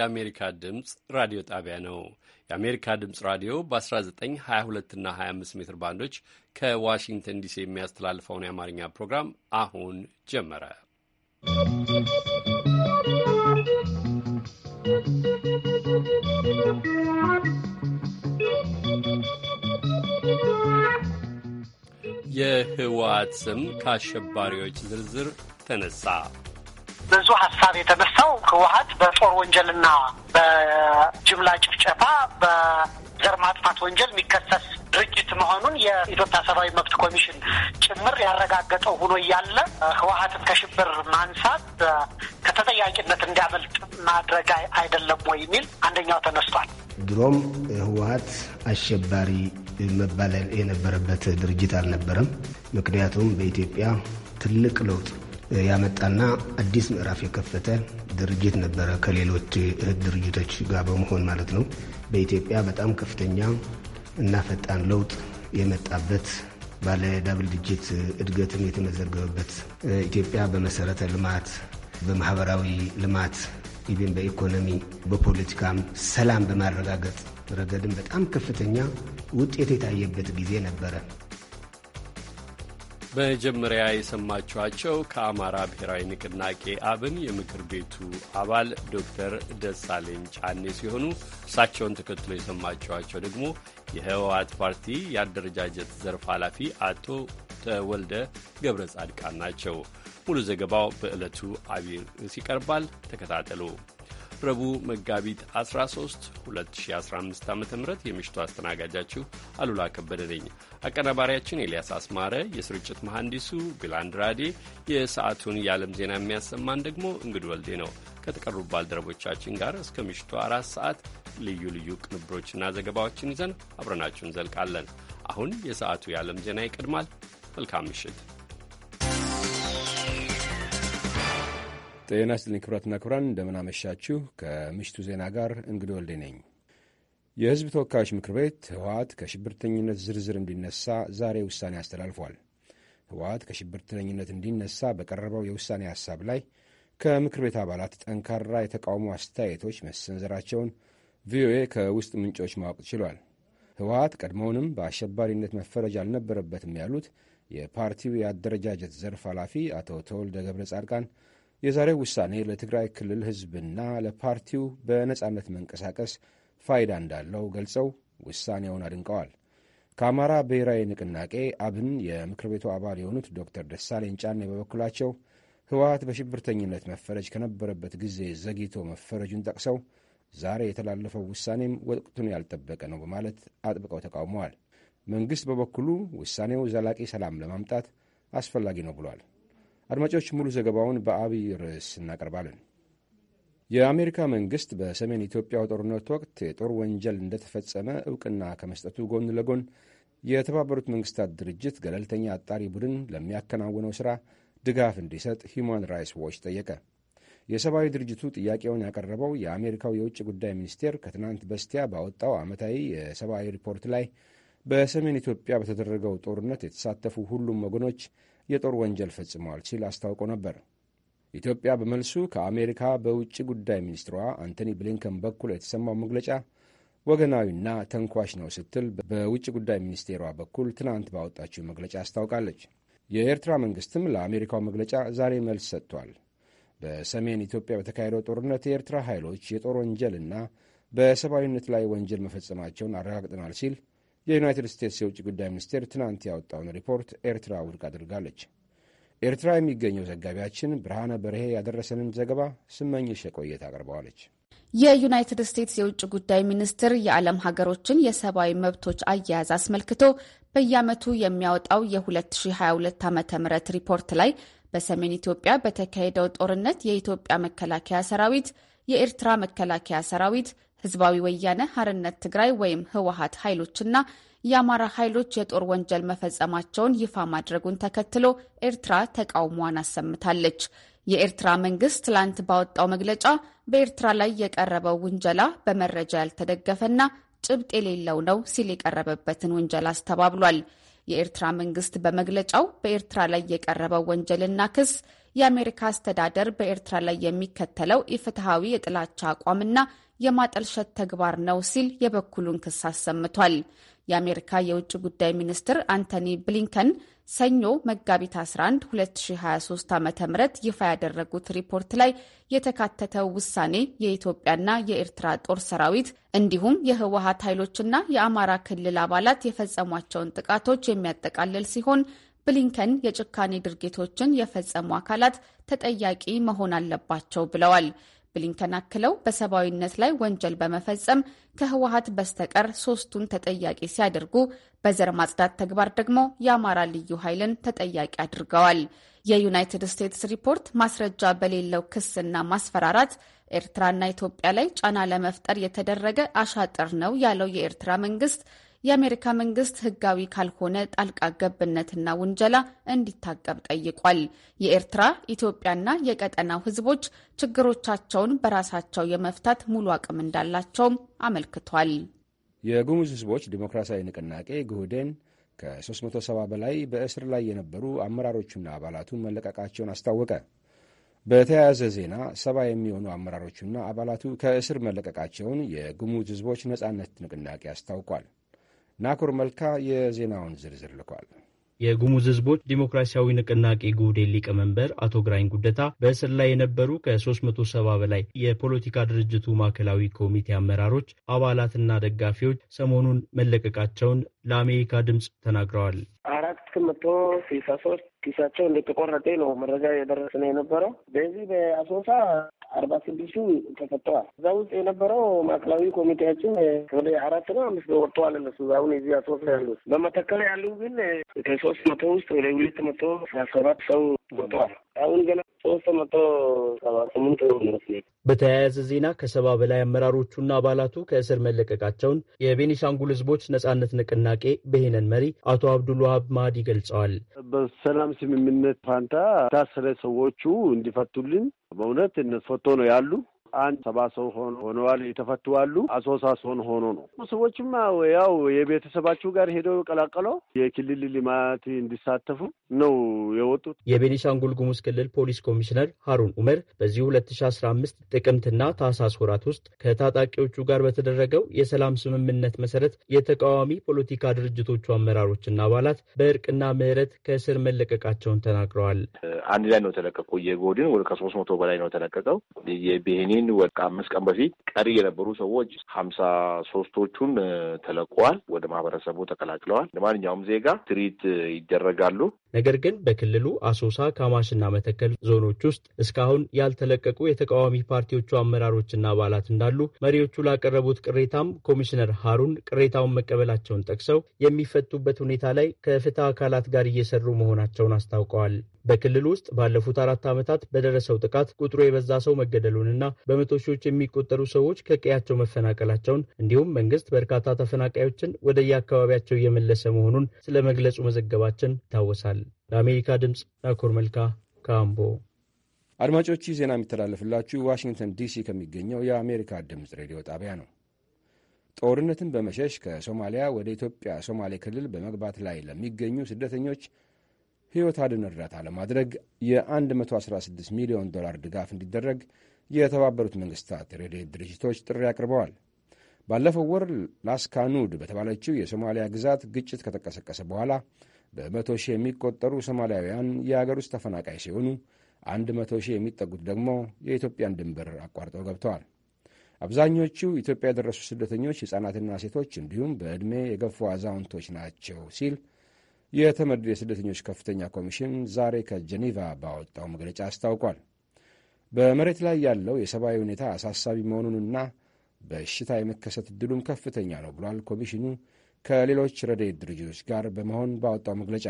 የአሜሪካ ድምፅ ራዲዮ ጣቢያ ነው። የአሜሪካ ድምፅ ራዲዮ በ1922 እና 25 ሜትር ባንዶች ከዋሽንግተን ዲሲ የሚያስተላልፈውን የአማርኛ ፕሮግራም አሁን ጀመረ። የህወሓት ስም ከአሸባሪዎች ዝርዝር ተነሳ። ብዙ ሀሳብ የተነሳው ህወሀት በጦር ወንጀልና በጅምላ ጭፍጨፋ በዘር ማጥፋት ወንጀል የሚከሰስ ድርጅት መሆኑን የኢትዮጵያ ሰብአዊ መብት ኮሚሽን ጭምር ያረጋገጠው ሆኖ እያለ ህወሀትን ከሽብር ማንሳት ከተጠያቂነት እንዲያመልጥ ማድረግ አይደለም ወይ የሚል አንደኛው ተነስቷል። ድሮም ህወሀት አሸባሪ መባል የነበረበት ድርጅት አልነበረም። ምክንያቱም በኢትዮጵያ ትልቅ ለውጥ ያመጣና አዲስ ምዕራፍ የከፈተ ድርጅት ነበረ። ከሌሎች እህት ድርጅቶች ጋር በመሆን ማለት ነው። በኢትዮጵያ በጣም ከፍተኛ እና ፈጣን ለውጥ የመጣበት ባለ ዳብል ድጅት እድገትም የተመዘገበበት ኢትዮጵያ በመሰረተ ልማት፣ በማህበራዊ ልማት ኢቨን በኢኮኖሚ በፖለቲካም ሰላም በማረጋገጥ ረገድም በጣም ከፍተኛ ውጤት የታየበት ጊዜ ነበረ። በመጀመሪያ የሰማችኋቸው ከአማራ ብሔራዊ ንቅናቄ አብን የምክር ቤቱ አባል ዶክተር ደሳለኝ ጫኔ ሲሆኑ እሳቸውን ተከትሎ የሰማችኋቸው ደግሞ የህወሓት ፓርቲ የአደረጃጀት ዘርፍ ኃላፊ አቶ ተወልደ ገብረ ጻድቃን ናቸው። ሙሉ ዘገባው በዕለቱ አቢር ይቀርባል። ተከታተሉ። ረቡዕ መጋቢት 13 2015 ዓ ም የምሽቱ አስተናጋጃችሁ አሉላ ከበደ ነኝ። አቀናባሪያችን ኤልያስ አስማረ፣ የስርጭት መሐንዲሱ ቢላንድ ራዴ የሰዓቱን የዓለም ዜና የሚያሰማን ደግሞ እንግድ ወልዴ ነው። ከተቀሩ ባልደረቦቻችን ጋር እስከ ምሽቱ አራት ሰዓት ልዩ ልዩ ቅንብሮችና ዘገባዎችን ይዘን አብረናችሁ እንዘልቃለን። አሁን የሰዓቱ የዓለም ዜና ይቀድማል። መልካም ምሽት። ጤና ስጥልኝ ክቡራትና ክቡራን፣ እንደምናመሻችሁ። ከምሽቱ ዜና ጋር እንግዲህ ወልዴ ነኝ። የህዝብ ተወካዮች ምክር ቤት ህወሀት ከሽብርተኝነት ዝርዝር እንዲነሳ ዛሬ ውሳኔ አስተላልፏል። ህወሀት ከሽብርተኝነት እንዲነሳ በቀረበው የውሳኔ ሀሳብ ላይ ከምክር ቤት አባላት ጠንካራ የተቃውሞ አስተያየቶች መሰንዘራቸውን ቪኦኤ ከውስጥ ምንጮች ማወቅ ችሏል። ህወሀት ቀድሞውንም በአሸባሪነት መፈረጅ አልነበረበትም ያሉት የፓርቲው የአደረጃጀት ዘርፍ ኃላፊ አቶ ተወልደ ገብረ ጻድቃን የዛሬው ውሳኔ ለትግራይ ክልል ሕዝብና ለፓርቲው በነጻነት መንቀሳቀስ ፋይዳ እንዳለው ገልጸው ውሳኔውን አድንቀዋል። ከአማራ ብሔራዊ ንቅናቄ አብን የምክር ቤቱ አባል የሆኑት ዶክተር ደሳለኝ ጫኔ በበኩላቸው ህወሀት በሽብርተኝነት መፈረጅ ከነበረበት ጊዜ ዘግይቶ መፈረጁን ጠቅሰው ዛሬ የተላለፈው ውሳኔም ወቅቱን ያልጠበቀ ነው በማለት አጥብቀው ተቃውመዋል። መንግሥት በበኩሉ ውሳኔው ዘላቂ ሰላም ለማምጣት አስፈላጊ ነው ብሏል። አድማጮች ሙሉ ዘገባውን በአብይ ርዕስ እናቀርባለን። የአሜሪካ መንግሥት በሰሜን ኢትዮጵያው ጦርነት ወቅት የጦር ወንጀል እንደተፈጸመ እውቅና ከመስጠቱ ጎን ለጎን የተባበሩት መንግሥታት ድርጅት ገለልተኛ አጣሪ ቡድን ለሚያከናውነው ሥራ ድጋፍ እንዲሰጥ ሂዩማን ራይትስ ዎች ጠየቀ። የሰብአዊ ድርጅቱ ጥያቄውን ያቀረበው የአሜሪካው የውጭ ጉዳይ ሚኒስቴር ከትናንት በስቲያ ባወጣው ዓመታዊ የሰብአዊ ሪፖርት ላይ በሰሜን ኢትዮጵያ በተደረገው ጦርነት የተሳተፉ ሁሉም ወገኖች የጦር ወንጀል ፈጽመዋል ሲል አስታውቆ ነበር። ኢትዮጵያ በመልሱ ከአሜሪካ በውጭ ጉዳይ ሚኒስትሯ አንቶኒ ብሊንከን በኩል የተሰማው መግለጫ ወገናዊና ተንኳሽ ነው ስትል በውጭ ጉዳይ ሚኒስቴሯ በኩል ትናንት ባወጣችው መግለጫ አስታውቃለች። የኤርትራ መንግስትም ለአሜሪካው መግለጫ ዛሬ መልስ ሰጥቷል። በሰሜን ኢትዮጵያ በተካሄደው ጦርነት የኤርትራ ኃይሎች የጦር ወንጀልና በሰብአዊነት ላይ ወንጀል መፈጸማቸውን አረጋግጠናል ሲል የዩናይትድ ስቴትስ የውጭ ጉዳይ ሚኒስቴር ትናንት ያወጣውን ሪፖርት ኤርትራ ውድቅ አድርጋለች። ኤርትራ የሚገኘው ዘጋቢያችን ብርሃነ በርሄ ያደረሰንን ዘገባ ስመኝሽ የቆየት አቅርበዋለች። የዩናይትድ ስቴትስ የውጭ ጉዳይ ሚኒስትር የዓለም ሀገሮችን የሰብአዊ መብቶች አያያዝ አስመልክቶ በየዓመቱ የሚያወጣው የ2022 ዓ ም ሪፖርት ላይ በሰሜን ኢትዮጵያ በተካሄደው ጦርነት የኢትዮጵያ መከላከያ ሰራዊት፣ የኤርትራ መከላከያ ሰራዊት፣ ህዝባዊ ወያነ ሐርነት ትግራይ ወይም ህወሀት ኃይሎችና የአማራ ኃይሎች የጦር ወንጀል መፈጸማቸውን ይፋ ማድረጉን ተከትሎ ኤርትራ ተቃውሟን አሰምታለች። የኤርትራ መንግስት ትላንት ባወጣው መግለጫ በኤርትራ ላይ የቀረበው ውንጀላ በመረጃ ያልተደገፈና ጭብጥ የሌለው ነው ሲል የቀረበበትን ውንጀላ አስተባብሏል። የኤርትራ መንግስት በመግለጫው በኤርትራ ላይ የቀረበው ወንጀልና ክስ የአሜሪካ አስተዳደር በኤርትራ ላይ የሚከተለው ኢፍትሐዊ የጥላቻ አቋምና የማጠልሸት ተግባር ነው ሲል የበኩሉን ክስ አሰምቷል። የአሜሪካ የውጭ ጉዳይ ሚኒስትር አንቶኒ ብሊንከን ሰኞ መጋቢት 11 2023 ዓ ም ይፋ ያደረጉት ሪፖርት ላይ የተካተተው ውሳኔ የኢትዮጵያና የኤርትራ ጦር ሰራዊት እንዲሁም የህወሀት ኃይሎችና የአማራ ክልል አባላት የፈጸሟቸውን ጥቃቶች የሚያጠቃልል ሲሆን ብሊንከን የጭካኔ ድርጊቶችን የፈጸሙ አካላት ተጠያቂ መሆን አለባቸው ብለዋል። ብሊንከን አክለው በሰብአዊነት ላይ ወንጀል በመፈጸም ከህወሀት በስተቀር ሶስቱን ተጠያቂ ሲያደርጉ በዘር ማጽዳት ተግባር ደግሞ የአማራ ልዩ ኃይልን ተጠያቂ አድርገዋል። የዩናይትድ ስቴትስ ሪፖርት ማስረጃ በሌለው ክስና ማስፈራራት ኤርትራና ኢትዮጵያ ላይ ጫና ለመፍጠር የተደረገ አሻጥር ነው ያለው የኤርትራ መንግስት የአሜሪካ መንግስት ህጋዊ ካልሆነ ጣልቃ ገብነትና ውንጀላ እንዲታቀብ ጠይቋል። የኤርትራ ኢትዮጵያና የቀጠናው ህዝቦች ችግሮቻቸውን በራሳቸው የመፍታት ሙሉ አቅም እንዳላቸውም አመልክቷል። የጉሙዝ ህዝቦች ዲሞክራሲያዊ ንቅናቄ ጉህዴን ከ370 በላይ በእስር ላይ የነበሩ አመራሮቹና አባላቱ መለቀቃቸውን አስታወቀ። በተያያዘ ዜና ሰባ የሚሆኑ አመራሮቹና አባላቱ ከእስር መለቀቃቸውን የጉሙዝ ህዝቦች ነጻነት ንቅናቄ አስታውቋል። ናኩር መልካ የዜናውን ዝርዝር ልኳል። የጉሙዝ ሕዝቦች ዲሞክራሲያዊ ንቅናቄ ጉዴ ሊቀመንበር አቶ ግራኝ ጉደታ በእስር ላይ የነበሩ ከ370 በላይ የፖለቲካ ድርጅቱ ማዕከላዊ ኮሚቴ አመራሮች፣ አባላትና ደጋፊዎች ሰሞኑን መለቀቃቸውን ለአሜሪካ ድምፅ ተናግረዋል። አራት መቶ ስልሳ ሶስት ኪሳቸው እንደተቆረጠ ነው መረጃ የደረሰ ነው የነበረው። በዚህ በአሶሳ አርባ ስድስቱ ተሰጥተዋል። እዛ ውስጥ የነበረው ማዕከላዊ ኮሚቴያችን ወደ አራት ነው አምስት ነው ወጥተዋል። እነሱ አሁን የዚህ አስወስ ያሉ በመተከል ያሉ ግን ከሶስት መቶ ውስጥ ወደ ሁለት መቶ ሰባት ሰው አሁን ገና ሶስት መቶ ሰባ ስምንት ይመስለኛል። በተያያዘ ዜና ከሰባ በላይ አመራሮቹና አባላቱ ከእስር መለቀቃቸውን የቤኒሻንጉል ሕዝቦች ነጻነት ንቅናቄ በሄነን መሪ አቶ አብዱል ዋሃብ ማዲ ገልጸዋል። በሰላም ስምምነት ፋንታ ታሰረ ሰዎቹ እንዲፈቱልን በእውነት እነሱ ፈቶ ነው ያሉ አንድ ሰባ ሰው ሆነዋል የተፈትዋሉ አሶሳ ሰውን ሆኖ ነው ሰዎችማ ያው የቤተሰባቸው ጋር ሄደው ቀላቀለው የክልል ልማት እንዲሳተፉ ነው የወጡት። የቤኒሻንጉል ጉሙዝ ክልል ፖሊስ ኮሚሽነር ሀሩን ኡመር በዚህ 2015 ጥቅምትና ታህሳስ ወራት ውስጥ ከታጣቂዎቹ ጋር በተደረገው የሰላም ስምምነት መሰረት የተቃዋሚ ፖለቲካ ድርጅቶቹ አመራሮችና አባላት በእርቅና ምህረት ከእስር መለቀቃቸውን ተናግረዋል። አንድ ላይ ነው የተለቀቁ። የጎድን ከሶስት መቶ በላይ ነው የተለቀቀው። የቤኒ ይህን ወደ አምስት ቀን በፊት ቀሪ የነበሩ ሰዎች ሀምሳ ሶስቶቹን ተለቀዋል፣ ወደ ማህበረሰቡ ተቀላቅለዋል። ለማንኛውም ዜጋ ትርኢት ይደረጋሉ። ነገር ግን በክልሉ አሶሳ፣ ካማሽና መተከል ዞኖች ውስጥ እስካሁን ያልተለቀቁ የተቃዋሚ ፓርቲዎቹ አመራሮችና አባላት እንዳሉ መሪዎቹ ላቀረቡት ቅሬታም ኮሚሽነር ሃሩን ቅሬታውን መቀበላቸውን ጠቅሰው የሚፈቱበት ሁኔታ ላይ ከፍትህ አካላት ጋር እየሰሩ መሆናቸውን አስታውቀዋል። በክልሉ ውስጥ ባለፉት አራት ዓመታት በደረሰው ጥቃት ቁጥሩ የበዛ ሰው መገደሉንና በመቶ ሺዎች የሚቆጠሩ ሰዎች ከቀያቸው መፈናቀላቸውን እንዲሁም መንግስት በርካታ ተፈናቃዮችን ወደየአካባቢያቸው እየመለሰ መሆኑን ስለ መግለጹ መዘገባችን ይታወሳል። ይዘናል። ለአሜሪካ ድምፅ ናኮር መልካ ካምቦ። አድማጮች ይህ ዜና የሚተላለፍላችሁ ዋሽንግተን ዲሲ ከሚገኘው የአሜሪካ ድምፅ ሬዲዮ ጣቢያ ነው። ጦርነትን በመሸሽ ከሶማሊያ ወደ ኢትዮጵያ ሶማሌ ክልል በመግባት ላይ ለሚገኙ ስደተኞች ሕይወት አድን እርዳታ ለማድረግ የ116 ሚሊዮን ዶላር ድጋፍ እንዲደረግ የተባበሩት መንግስታት ረድኤት ድርጅቶች ጥሪ አቅርበዋል። ባለፈው ወር ላስካኑድ በተባለችው የሶማሊያ ግዛት ግጭት ከተቀሰቀሰ በኋላ በመቶ ሺህ የሚቆጠሩ ሶማሊያውያን የአገር ውስጥ ተፈናቃይ ሲሆኑ አንድ መቶ ሺህ የሚጠጉት ደግሞ የኢትዮጵያን ድንበር አቋርጠው ገብተዋል። አብዛኞቹ ኢትዮጵያ የደረሱ ስደተኞች ሕፃናትና ሴቶች እንዲሁም በዕድሜ የገፉ አዛውንቶች ናቸው ሲል የተመድ የስደተኞች ከፍተኛ ኮሚሽን ዛሬ ከጀኔቫ ባወጣው መግለጫ አስታውቋል። በመሬት ላይ ያለው የሰብአዊ ሁኔታ አሳሳቢ መሆኑንና በሽታ የመከሰት ዕድሉም ከፍተኛ ነው ብሏል ኮሚሽኑ ከሌሎች ረድኤት ድርጅቶች ጋር በመሆን ባወጣው መግለጫ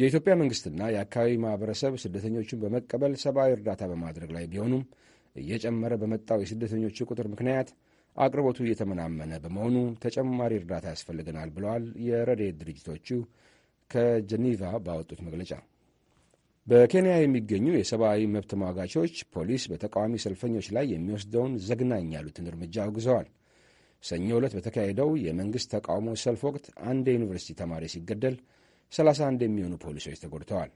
የኢትዮጵያ መንግስትና የአካባቢ ማኅበረሰብ ስደተኞቹን በመቀበል ሰብአዊ እርዳታ በማድረግ ላይ ቢሆኑም እየጨመረ በመጣው የስደተኞቹ ቁጥር ምክንያት አቅርቦቱ እየተመናመነ በመሆኑ ተጨማሪ እርዳታ ያስፈልገናል ብለዋል የረድኤት ድርጅቶቹ ከጀኒቫ ባወጡት መግለጫ። በኬንያ የሚገኙ የሰብአዊ መብት ተሟጋቾች ፖሊስ በተቃዋሚ ሰልፈኞች ላይ የሚወስደውን ዘግናኝ ያሉትን እርምጃ አውግዘዋል። ሰኞ ዕለት በተካሄደው የመንግሥት ተቃውሞ ሰልፍ ወቅት አንድ የዩኒቨርሲቲ ተማሪ ሲገደል 31 የሚሆኑ ፖሊሶች ተጎድተዋል።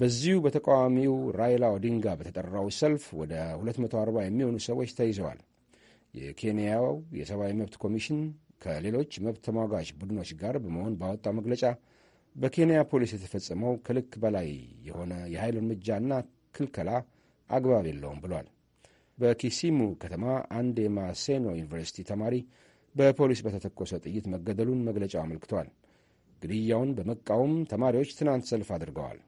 በዚሁ በተቃዋሚው ራይላ ኦዲንጋ በተጠራው ሰልፍ ወደ 240 የሚሆኑ ሰዎች ተይዘዋል። የኬንያው የሰብአዊ መብት ኮሚሽን ከሌሎች መብት ተሟጋች ቡድኖች ጋር በመሆን ባወጣው መግለጫ በኬንያ ፖሊስ የተፈጸመው ከልክ በላይ የሆነ የኃይል እርምጃና ክልከላ አግባብ የለውም ብሏል። በኪሲሙ ከተማ አንድ የማሴኖ ዩኒቨርሲቲ ተማሪ በፖሊስ በተተኮሰ ጥይት መገደሉን መግለጫው አመልክቷል። ግድያውን በመቃወም ተማሪዎች ትናንት ሰልፍ አድርገዋል።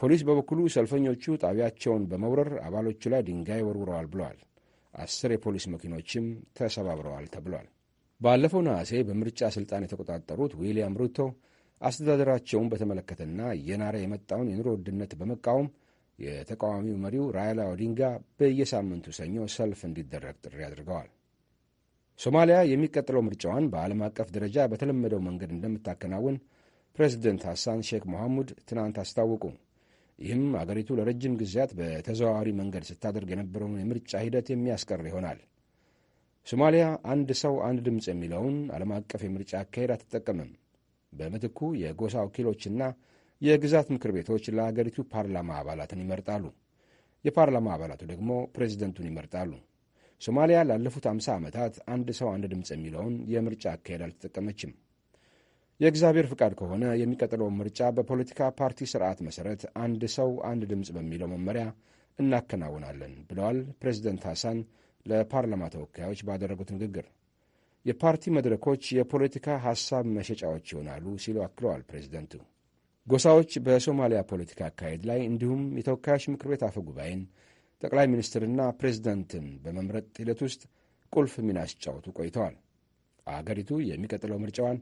ፖሊስ በበኩሉ ሰልፈኞቹ ጣቢያቸውን በመውረር አባሎቹ ላይ ድንጋይ ወርውረዋል ብለዋል። አስር የፖሊስ መኪኖችም ተሰባብረዋል ተብሏል። ባለፈው ነሐሴ በምርጫ ሥልጣን የተቆጣጠሩት ዊልያም ሩቶ አስተዳደራቸውን በተመለከተና እየናረ የመጣውን የኑሮ ውድነት በመቃወም የተቃዋሚው መሪው ራይላ ኦዲንጋ በየሳምንቱ ሰኞ ሰልፍ እንዲደረግ ጥሪ አድርገዋል። ሶማሊያ የሚቀጥለው ምርጫዋን በዓለም አቀፍ ደረጃ በተለመደው መንገድ እንደምታከናውን ፕሬዚደንት ሐሳን ሼክ መሐሙድ ትናንት አስታወቁ። ይህም አገሪቱ ለረጅም ጊዜያት በተዘዋዋሪ መንገድ ስታደርግ የነበረውን የምርጫ ሂደት የሚያስቀር ይሆናል። ሶማሊያ አንድ ሰው አንድ ድምፅ የሚለውን ዓለም አቀፍ የምርጫ አካሄድ አትጠቀምም። በምትኩ የጎሳ ወኪሎችና የግዛት ምክር ቤቶች ለአገሪቱ ፓርላማ አባላትን ይመርጣሉ። የፓርላማ አባላቱ ደግሞ ፕሬዚደንቱን ይመርጣሉ። ሶማሊያ ላለፉት 50 ዓመታት አንድ ሰው አንድ ድምፅ የሚለውን የምርጫ አካሄድ አልተጠቀመችም። የእግዚአብሔር ፍቃድ ከሆነ የሚቀጥለውን ምርጫ በፖለቲካ ፓርቲ ስርዓት መሠረት አንድ ሰው አንድ ድምፅ በሚለው መመሪያ እናከናውናለን ብለዋል ፕሬዚደንት ሐሳን ለፓርላማ ተወካዮች ባደረጉት ንግግር። የፓርቲ መድረኮች የፖለቲካ ሐሳብ መሸጫዎች ይሆናሉ ሲሉ አክለዋል ፕሬዚደንቱ። ጎሳዎች በሶማሊያ ፖለቲካ አካሄድ ላይ እንዲሁም የተወካዮች ምክር ቤት አፈ ጉባኤን፣ ጠቅላይ ሚኒስትርና ፕሬዚደንትን በመምረጥ ሂደት ውስጥ ቁልፍ ሚና ሲጫወቱ ቆይተዋል። አገሪቱ የሚቀጥለው ምርጫዋን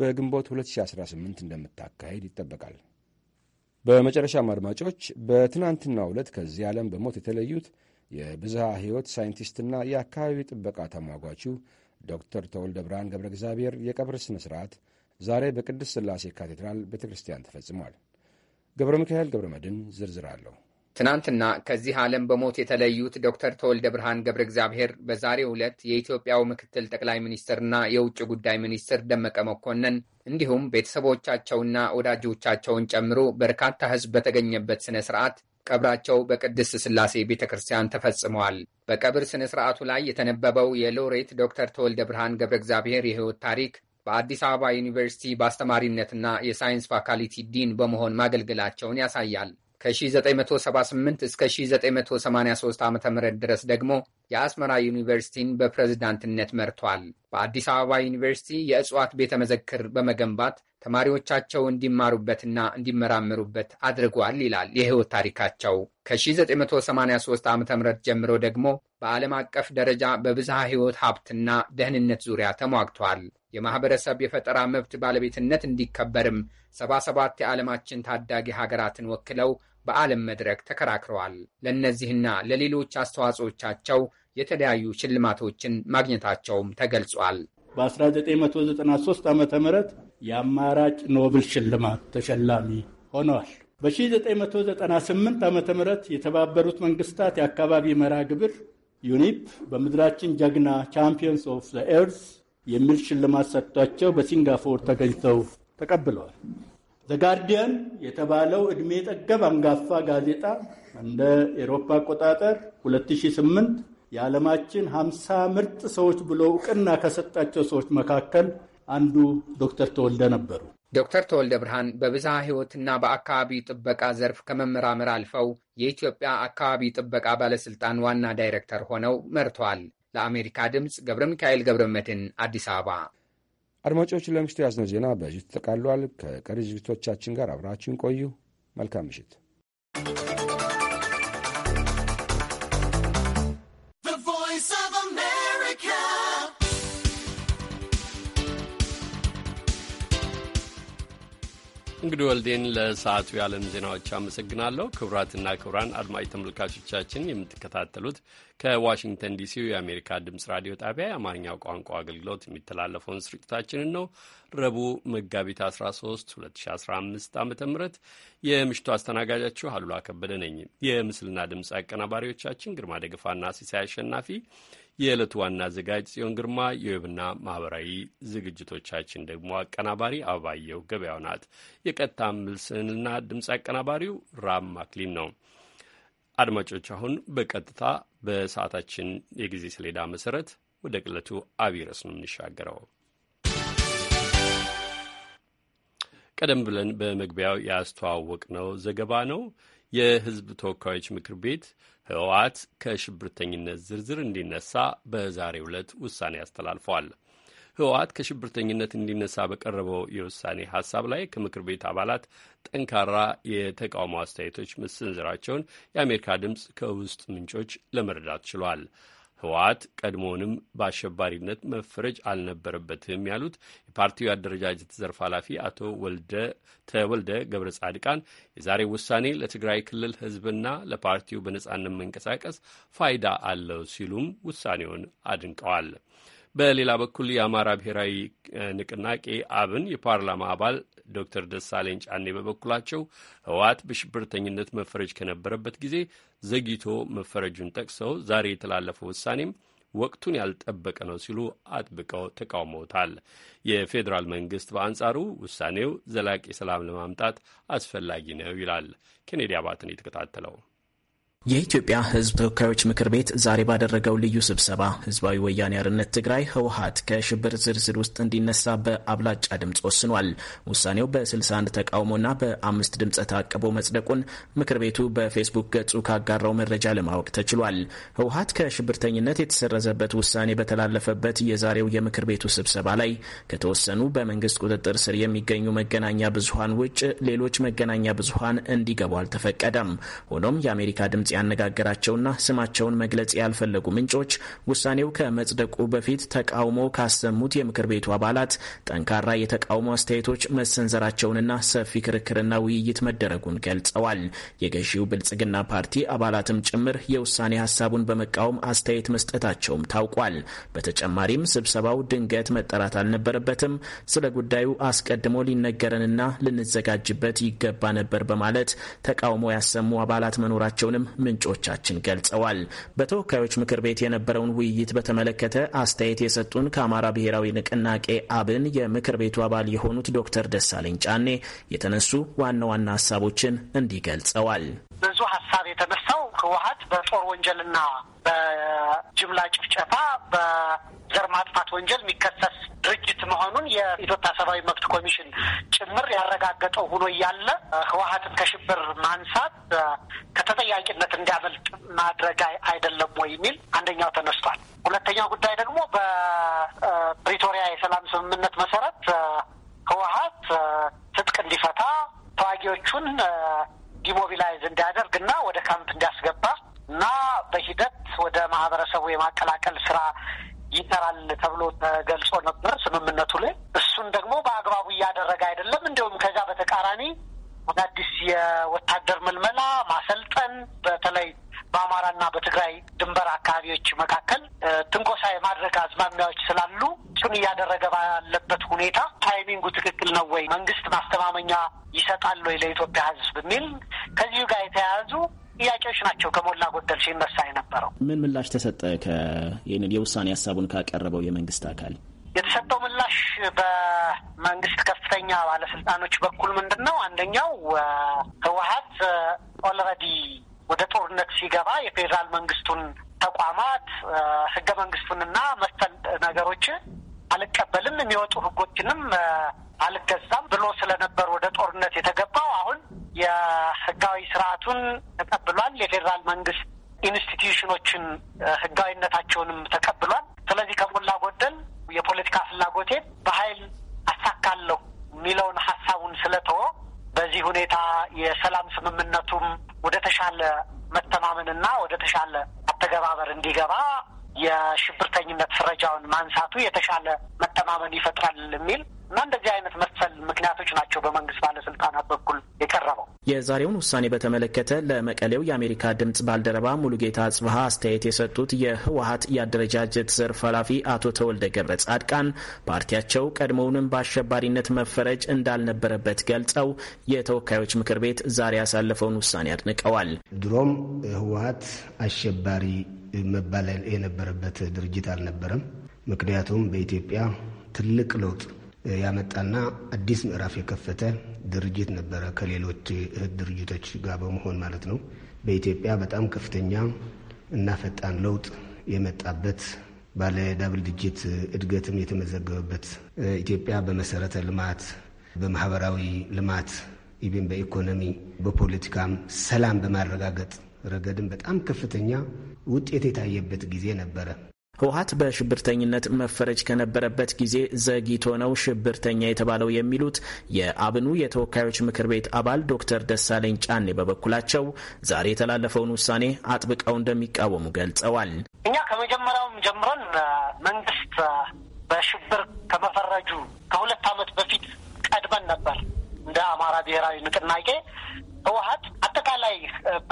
በግንቦት 2018 እንደምታካሄድ ይጠበቃል። በመጨረሻም አድማጮች፣ በትናንትናው ዕለት ከዚህ ዓለም በሞት የተለዩት የብዝሃ ሕይወት ሳይንቲስትና የአካባቢ ጥበቃ ተሟጓቹ ዶክተር ተወልደ ብርሃን ገብረ እግዚአብሔር የቀብር ሥነ ሥርዓት ዛሬ በቅድስት ሥላሴ ካቴድራል ቤተ ክርስቲያን ተፈጽሟል። ገብረ ሚካኤል ገብረ መድን ዝርዝር አለው። ትናንትና ከዚህ ዓለም በሞት የተለዩት ዶክተር ተወልደ ብርሃን ገብረ እግዚአብሔር በዛሬው ዕለት የኢትዮጵያው ምክትል ጠቅላይ ሚኒስትርና የውጭ ጉዳይ ሚኒስትር ደመቀ መኮንን እንዲሁም ቤተሰቦቻቸውና ወዳጆቻቸውን ጨምሮ በርካታ ሕዝብ በተገኘበት ስነ ስርዓት ቀብራቸው በቅድስት ሥላሴ ቤተ ክርስቲያን ተፈጽመዋል። በቀብር ሥነ ሥርዓቱ ላይ የተነበበው የሎሬት ዶክተር ተወልደ ብርሃን ገብረ እግዚአብሔር የሕይወት ታሪክ በአዲስ አበባ ዩኒቨርሲቲ በአስተማሪነትና የሳይንስ ፋካሊቲ ዲን በመሆን ማገልገላቸውን ያሳያል። ከ1978 እስከ 1983 ዓ ም ድረስ ደግሞ የአስመራ ዩኒቨርሲቲን በፕሬዝዳንትነት መርቷል። በአዲስ አበባ ዩኒቨርሲቲ የእጽዋት ቤተ መዘክር በመገንባት ተማሪዎቻቸው እንዲማሩበትና እንዲመራመሩበት አድርጓል ይላል የህይወት ታሪካቸው። ከ1983 ዓ ም ጀምሮ ደግሞ በዓለም አቀፍ ደረጃ በብዝሃ ህይወት ሀብትና ደህንነት ዙሪያ ተሟግቷል። የማኅበረሰብ የፈጠራ መብት ባለቤትነት እንዲከበርም 77 የዓለማችን ታዳጊ ሀገራትን ወክለው በዓለም መድረክ ተከራክረዋል። ለእነዚህና ለሌሎች አስተዋጽኦቻቸው የተለያዩ ሽልማቶችን ማግኘታቸውም ተገልጿል። በ1993 ዓ ም የአማራጭ ኖብል ሽልማት ተሸላሚ ሆነዋል። በ1998 ዓ ም የተባበሩት መንግስታት የአካባቢ መርሃ ግብር ዩኒፕ በምድራችን ጀግና ቻምፒየንስ ኦፍ ዘ ኤርዝ የሚል ሽልማት ሰጥቷቸው በሲንጋፖር ተገኝተው ተቀብለዋል። ዘጋርዲያን የተባለው ዕድሜ ጠገብ አንጋፋ ጋዜጣ እንደ ኤሮፓ አቆጣጠር 2008 የዓለማችን ሀምሳ ምርጥ ሰዎች ብሎ እውቅና ከሰጣቸው ሰዎች መካከል አንዱ ዶክተር ተወልደ ነበሩ። ዶክተር ተወልደ ብርሃን በብዝሃ ሕይወትና በአካባቢ ጥበቃ ዘርፍ ከመመራመር አልፈው የኢትዮጵያ አካባቢ ጥበቃ ባለስልጣን ዋና ዳይሬክተር ሆነው መርተዋል። ለአሜሪካ ድምፅ ገብረ ሚካኤል ገብረ መድህን አዲስ አበባ። አድማጮች፣ ለምሽቱ ያዝነው ዜና በዚሁ ተጠቃሏል። ከቀሪ ዝግጅቶቻችን ጋር አብራችን ቆዩ። መልካም ምሽት። እንግዲህ ወልዴን ለሰዓቱ የዓለም ዜናዎች አመሰግናለሁ። ክቡራትና ክቡራን አድማጭ ተመልካቾቻችን የምትከታተሉት ከዋሽንግተን ዲሲ የአሜሪካ ድምፅ ራዲዮ ጣቢያ የአማርኛው ቋንቋ አገልግሎት የሚተላለፈውን ስርጭታችንን ነው። ረቡዕ መጋቢት 13 2015 ዓ ም የምሽቱ አስተናጋጃችሁ አሉላ ከበደ ነኝ። የምስልና ድምፅ አቀናባሪዎቻችን ግርማ ደገፋና ሲሳይ አሸናፊ የዕለቱ ዋና አዘጋጅ ጽዮን ግርማ፣ የዌብና ማኅበራዊ ዝግጅቶቻችን ደግሞ አቀናባሪ አበባየሁ ገበያው ናት። የቀጥታ ምስልና ድምፅ አቀናባሪው ራም ማክሊን ነው። አድማጮች፣ አሁን በቀጥታ በሰዓታችን የጊዜ ሰሌዳ መሠረት ወደ ቅለቱ አቢረስ ነው የምንሻገረው። ቀደም ብለን በመግቢያው ያስተዋወቅ ነው ዘገባ ነው የህዝብ ተወካዮች ምክር ቤት ህወሓት ከሽብርተኝነት ዝርዝር እንዲነሳ በዛሬ ዕለት ውሳኔ አስተላልፈዋል። ህወሓት ከሽብርተኝነት እንዲነሳ በቀረበው የውሳኔ ሀሳብ ላይ ከምክር ቤት አባላት ጠንካራ የተቃውሞ አስተያየቶች መሰንዘራቸውን የአሜሪካ ድምፅ ከውስጥ ምንጮች ለመረዳት ችሏል። ህወሓት ቀድሞውንም በአሸባሪነት መፈረጅ አልነበረበትም ያሉት የፓርቲው አደረጃጀት ዘርፍ ኃላፊ አቶ ተወልደ ገብረ ጻድቃን የዛሬ ውሳኔ ለትግራይ ክልል ህዝብና ለፓርቲው በነጻነት መንቀሳቀስ ፋይዳ አለው ሲሉም ውሳኔውን አድንቀዋል። በሌላ በኩል የአማራ ብሔራዊ ንቅናቄ አብን የፓርላማ አባል ዶክተር ደሳለኝ ጫኔ በበኩላቸው ህወሓት በሽብርተኝነት መፈረጅ ከነበረበት ጊዜ ዘግይቶ መፈረጁን ጠቅሰው ዛሬ የተላለፈው ውሳኔም ወቅቱን ያልጠበቀ ነው ሲሉ አጥብቀው ተቃውመውታል። የፌዴራል መንግስት በአንጻሩ ውሳኔው ዘላቂ ሰላም ለማምጣት አስፈላጊ ነው ይላል። ኬኔዲ አባትን የተከታተለው የኢትዮጵያ ሕዝብ ተወካዮች ምክር ቤት ዛሬ ባደረገው ልዩ ስብሰባ ህዝባዊ ወያኔ ሓርነት ትግራይ ህወሀት ከሽብር ዝርዝር ውስጥ እንዲነሳ በአብላጫ ድምፅ ወስኗል። ውሳኔው በ61 ተቃውሞና በአምስት ድምፀ ተአቅቦ መጽደቁን ምክር ቤቱ በፌስቡክ ገጹ ካጋራው መረጃ ለማወቅ ተችሏል። ህወሀት ከሽብርተኝነት የተሰረዘበት ውሳኔ በተላለፈበት የዛሬው የምክር ቤቱ ስብሰባ ላይ ከተወሰኑ በመንግስት ቁጥጥር ስር የሚገኙ መገናኛ ብዙሀን ውጭ ሌሎች መገናኛ ብዙሀን እንዲገቡ አልተፈቀደም። ሆኖም የአሜሪካ ድምጽ ያነጋገራቸውና ስማቸውን መግለጽ ያልፈለጉ ምንጮች ውሳኔው ከመጽደቁ በፊት ተቃውሞ ካሰሙት የምክር ቤቱ አባላት ጠንካራ የተቃውሞ አስተያየቶች መሰንዘራቸውንና ሰፊ ክርክርና ውይይት መደረጉን ገልጸዋል። የገዢው ብልጽግና ፓርቲ አባላትም ጭምር የውሳኔ ሀሳቡን በመቃወም አስተያየት መስጠታቸውም ታውቋል። በተጨማሪም ስብሰባው ድንገት መጠራት አልነበረበትም፣ ስለ ጉዳዩ አስቀድሞ ሊነገረንና ልንዘጋጅበት ይገባ ነበር በማለት ተቃውሞ ያሰሙ አባላት መኖራቸውንም ምንጮቻችን ገልጸዋል። በተወካዮች ምክር ቤት የነበረውን ውይይት በተመለከተ አስተያየት የሰጡን ከአማራ ብሔራዊ ንቅናቄ አብን የምክር ቤቱ አባል የሆኑት ዶክተር ደሳለኝ ጫኔ የተነሱ ዋና ዋና ሀሳቦችን እንዲህ ገልጸዋል። ብዙ ሀሳብ የተነሳው ህወሀት በጦር ወንጀልና በጅምላ ጭፍጨፋ፣ በዘር ማጥፋት ወንጀል የሚከሰስ ድርጅት መሆኑን የኢትዮጵያ ሰብአዊ መብት ኮሚሽን ጭምር ያረጋገጠው ሆኖ እያለ ህወሀትን ከሽብር ማንሳት ከተጠያቂነት እንዲያመልጥ ማድረግ አይደለም ወይ የሚል አንደኛው ተነስቷል። ሁለተኛው ጉዳይ ደግሞ በፕሪቶሪያ የሰላም ስምምነት መሰረት ህወሀት ትጥቅ እንዲፈታ ተዋጊዎቹን ዲሞቢላይዝ እንዲያደርግ እና ወደ ካምፕ እንዲያስገባ እና በሂደት ወደ ማህበረሰቡ የማቀላቀል ስራ ይሰራል ተብሎ ተገልጾ ነበር ስምምነቱ ላይ። እሱን ደግሞ በአግባቡ እያደረገ አይደለም። እንዲሁም ከዛ በተቃራኒ አዳዲስ የወታደር መልመላ ማሰልጠን በተለይ በአማራና በትግራይ ድንበር አካባቢዎች መካከል ትንኮሳ የማድረግ አዝማሚያዎች ስላሉ እሱን እያደረገ ባለበት ሁኔታ ታይሚንጉ ትክክል ነው ወይ? መንግስት ማስተማመኛ ይሰጣል ወይ ለኢትዮጵያ ሕዝብ በሚል ከዚሁ ጋር የተያያዙ ጥያቄዎች ናቸው ከሞላ ጎደል ሲነሳ የነበረው። ምን ምላሽ ተሰጠ? የውሳኔ ሀሳቡን ካቀረበው የመንግስት አካል የተሰጠው ምላሽ በመንግስት ከፍተኛ ባለስልጣኖች በኩል ምንድን ነው? አንደኛው ህወሀት ኦልረዲ ወደ ጦርነት ሲገባ የፌዴራል መንግስቱን ተቋማት ህገ መንግስቱንና መሰል ነገሮችን? አልቀበልም፣ የሚወጡ ህጎችንም አልገዛም ብሎ ስለነበር ወደ ጦርነት የተገባው አሁን የህጋዊ ስርዓቱን ተቀብሏል። የፌዴራል መንግስት ኢንስቲትዩሽኖችን ህጋዊነታቸውንም ተቀብሏል። ስለዚህ ከሞላ ጎደል የፖለቲካ ፍላጎቴ በኃይል አሳካለሁ የሚለውን ሀሳቡን ስለተወ በዚህ ሁኔታ የሰላም ስምምነቱም ወደ ተሻለ መተማመንና ወደ ተሻለ አተገባበር እንዲገባ የሽብርተኝነት ፍረጃውን ማንሳቱ የተሻለ መተማመን ይፈጥራል የሚል እና እንደዚህ አይነት መሰል ምክንያቶች ናቸው በመንግስት ባለስልጣናት በኩል የቀረበው። የዛሬውን ውሳኔ በተመለከተ ለመቀሌው የአሜሪካ ድምጽ ባልደረባ ሙሉጌታ አጽብሃ አስተያየት የሰጡት የህወሀት የአደረጃጀት ዘርፍ ኃላፊ አቶ ተወልደ ገብረ ጻድቃን ፓርቲያቸው ቀድሞውንም በአሸባሪነት መፈረጅ እንዳልነበረበት ገልጸው የተወካዮች ምክር ቤት ዛሬ ያሳለፈውን ውሳኔ አድንቀዋል። ድሮም ህወሀት አሸባሪ መባል የነበረበት ድርጅት አልነበረም። ምክንያቱም በኢትዮጵያ ትልቅ ለውጥ ያመጣና አዲስ ምዕራፍ የከፈተ ድርጅት ነበረ ከሌሎች እህት ድርጅቶች ጋር በመሆን ማለት ነው። በኢትዮጵያ በጣም ከፍተኛ እና ፈጣን ለውጥ የመጣበት ባለ ዳብል ድጅት እድገትም የተመዘገበበት ኢትዮጵያ በመሰረተ ልማት፣ በማህበራዊ ልማት ኢቪን በኢኮኖሚ በፖለቲካም ሰላም በማረጋገጥ ረገድም በጣም ከፍተኛ ውጤት የታየበት ጊዜ ነበረ። ህወሀት በሽብርተኝነት መፈረጅ ከነበረበት ጊዜ ዘግይቶ ነው ሽብርተኛ የተባለው የሚሉት የአብኑ የተወካዮች ምክር ቤት አባል ዶክተር ደሳለኝ ጫኔ በበኩላቸው ዛሬ የተላለፈውን ውሳኔ አጥብቀው እንደሚቃወሙ ገልጸዋል። እኛ ከመጀመሪያውም ጀምረን መንግስት በሽብር ከመፈረጁ ከሁለት ዓመት በፊት ቀድመን ነበር። እንደ አማራ ብሔራዊ ንቅናቄ ህወሀት አጠቃላይ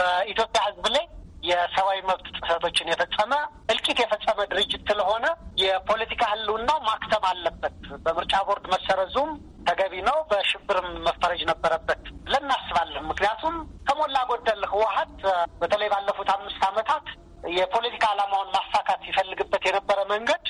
በኢትዮጵያ ህዝብ ላይ የሰብአዊ መብት ጥሰቶችን የፈጸመ እልቂት የፈጸመ ድርጅት ስለሆነ የፖለቲካ ህልውናው ማክተም አለበት። በምርጫ ቦርድ መሰረዙም ተገቢ ነው። በሽብርም መፈረጅ ነበረበት ብለን እናስባለን። ምክንያቱም ከሞላ ጎደል ህወሀት በተለይ ባለፉት አምስት አመታት የፖለቲካ ዓላማውን ማሳካት ሲፈልግበት የነበረ መንገድ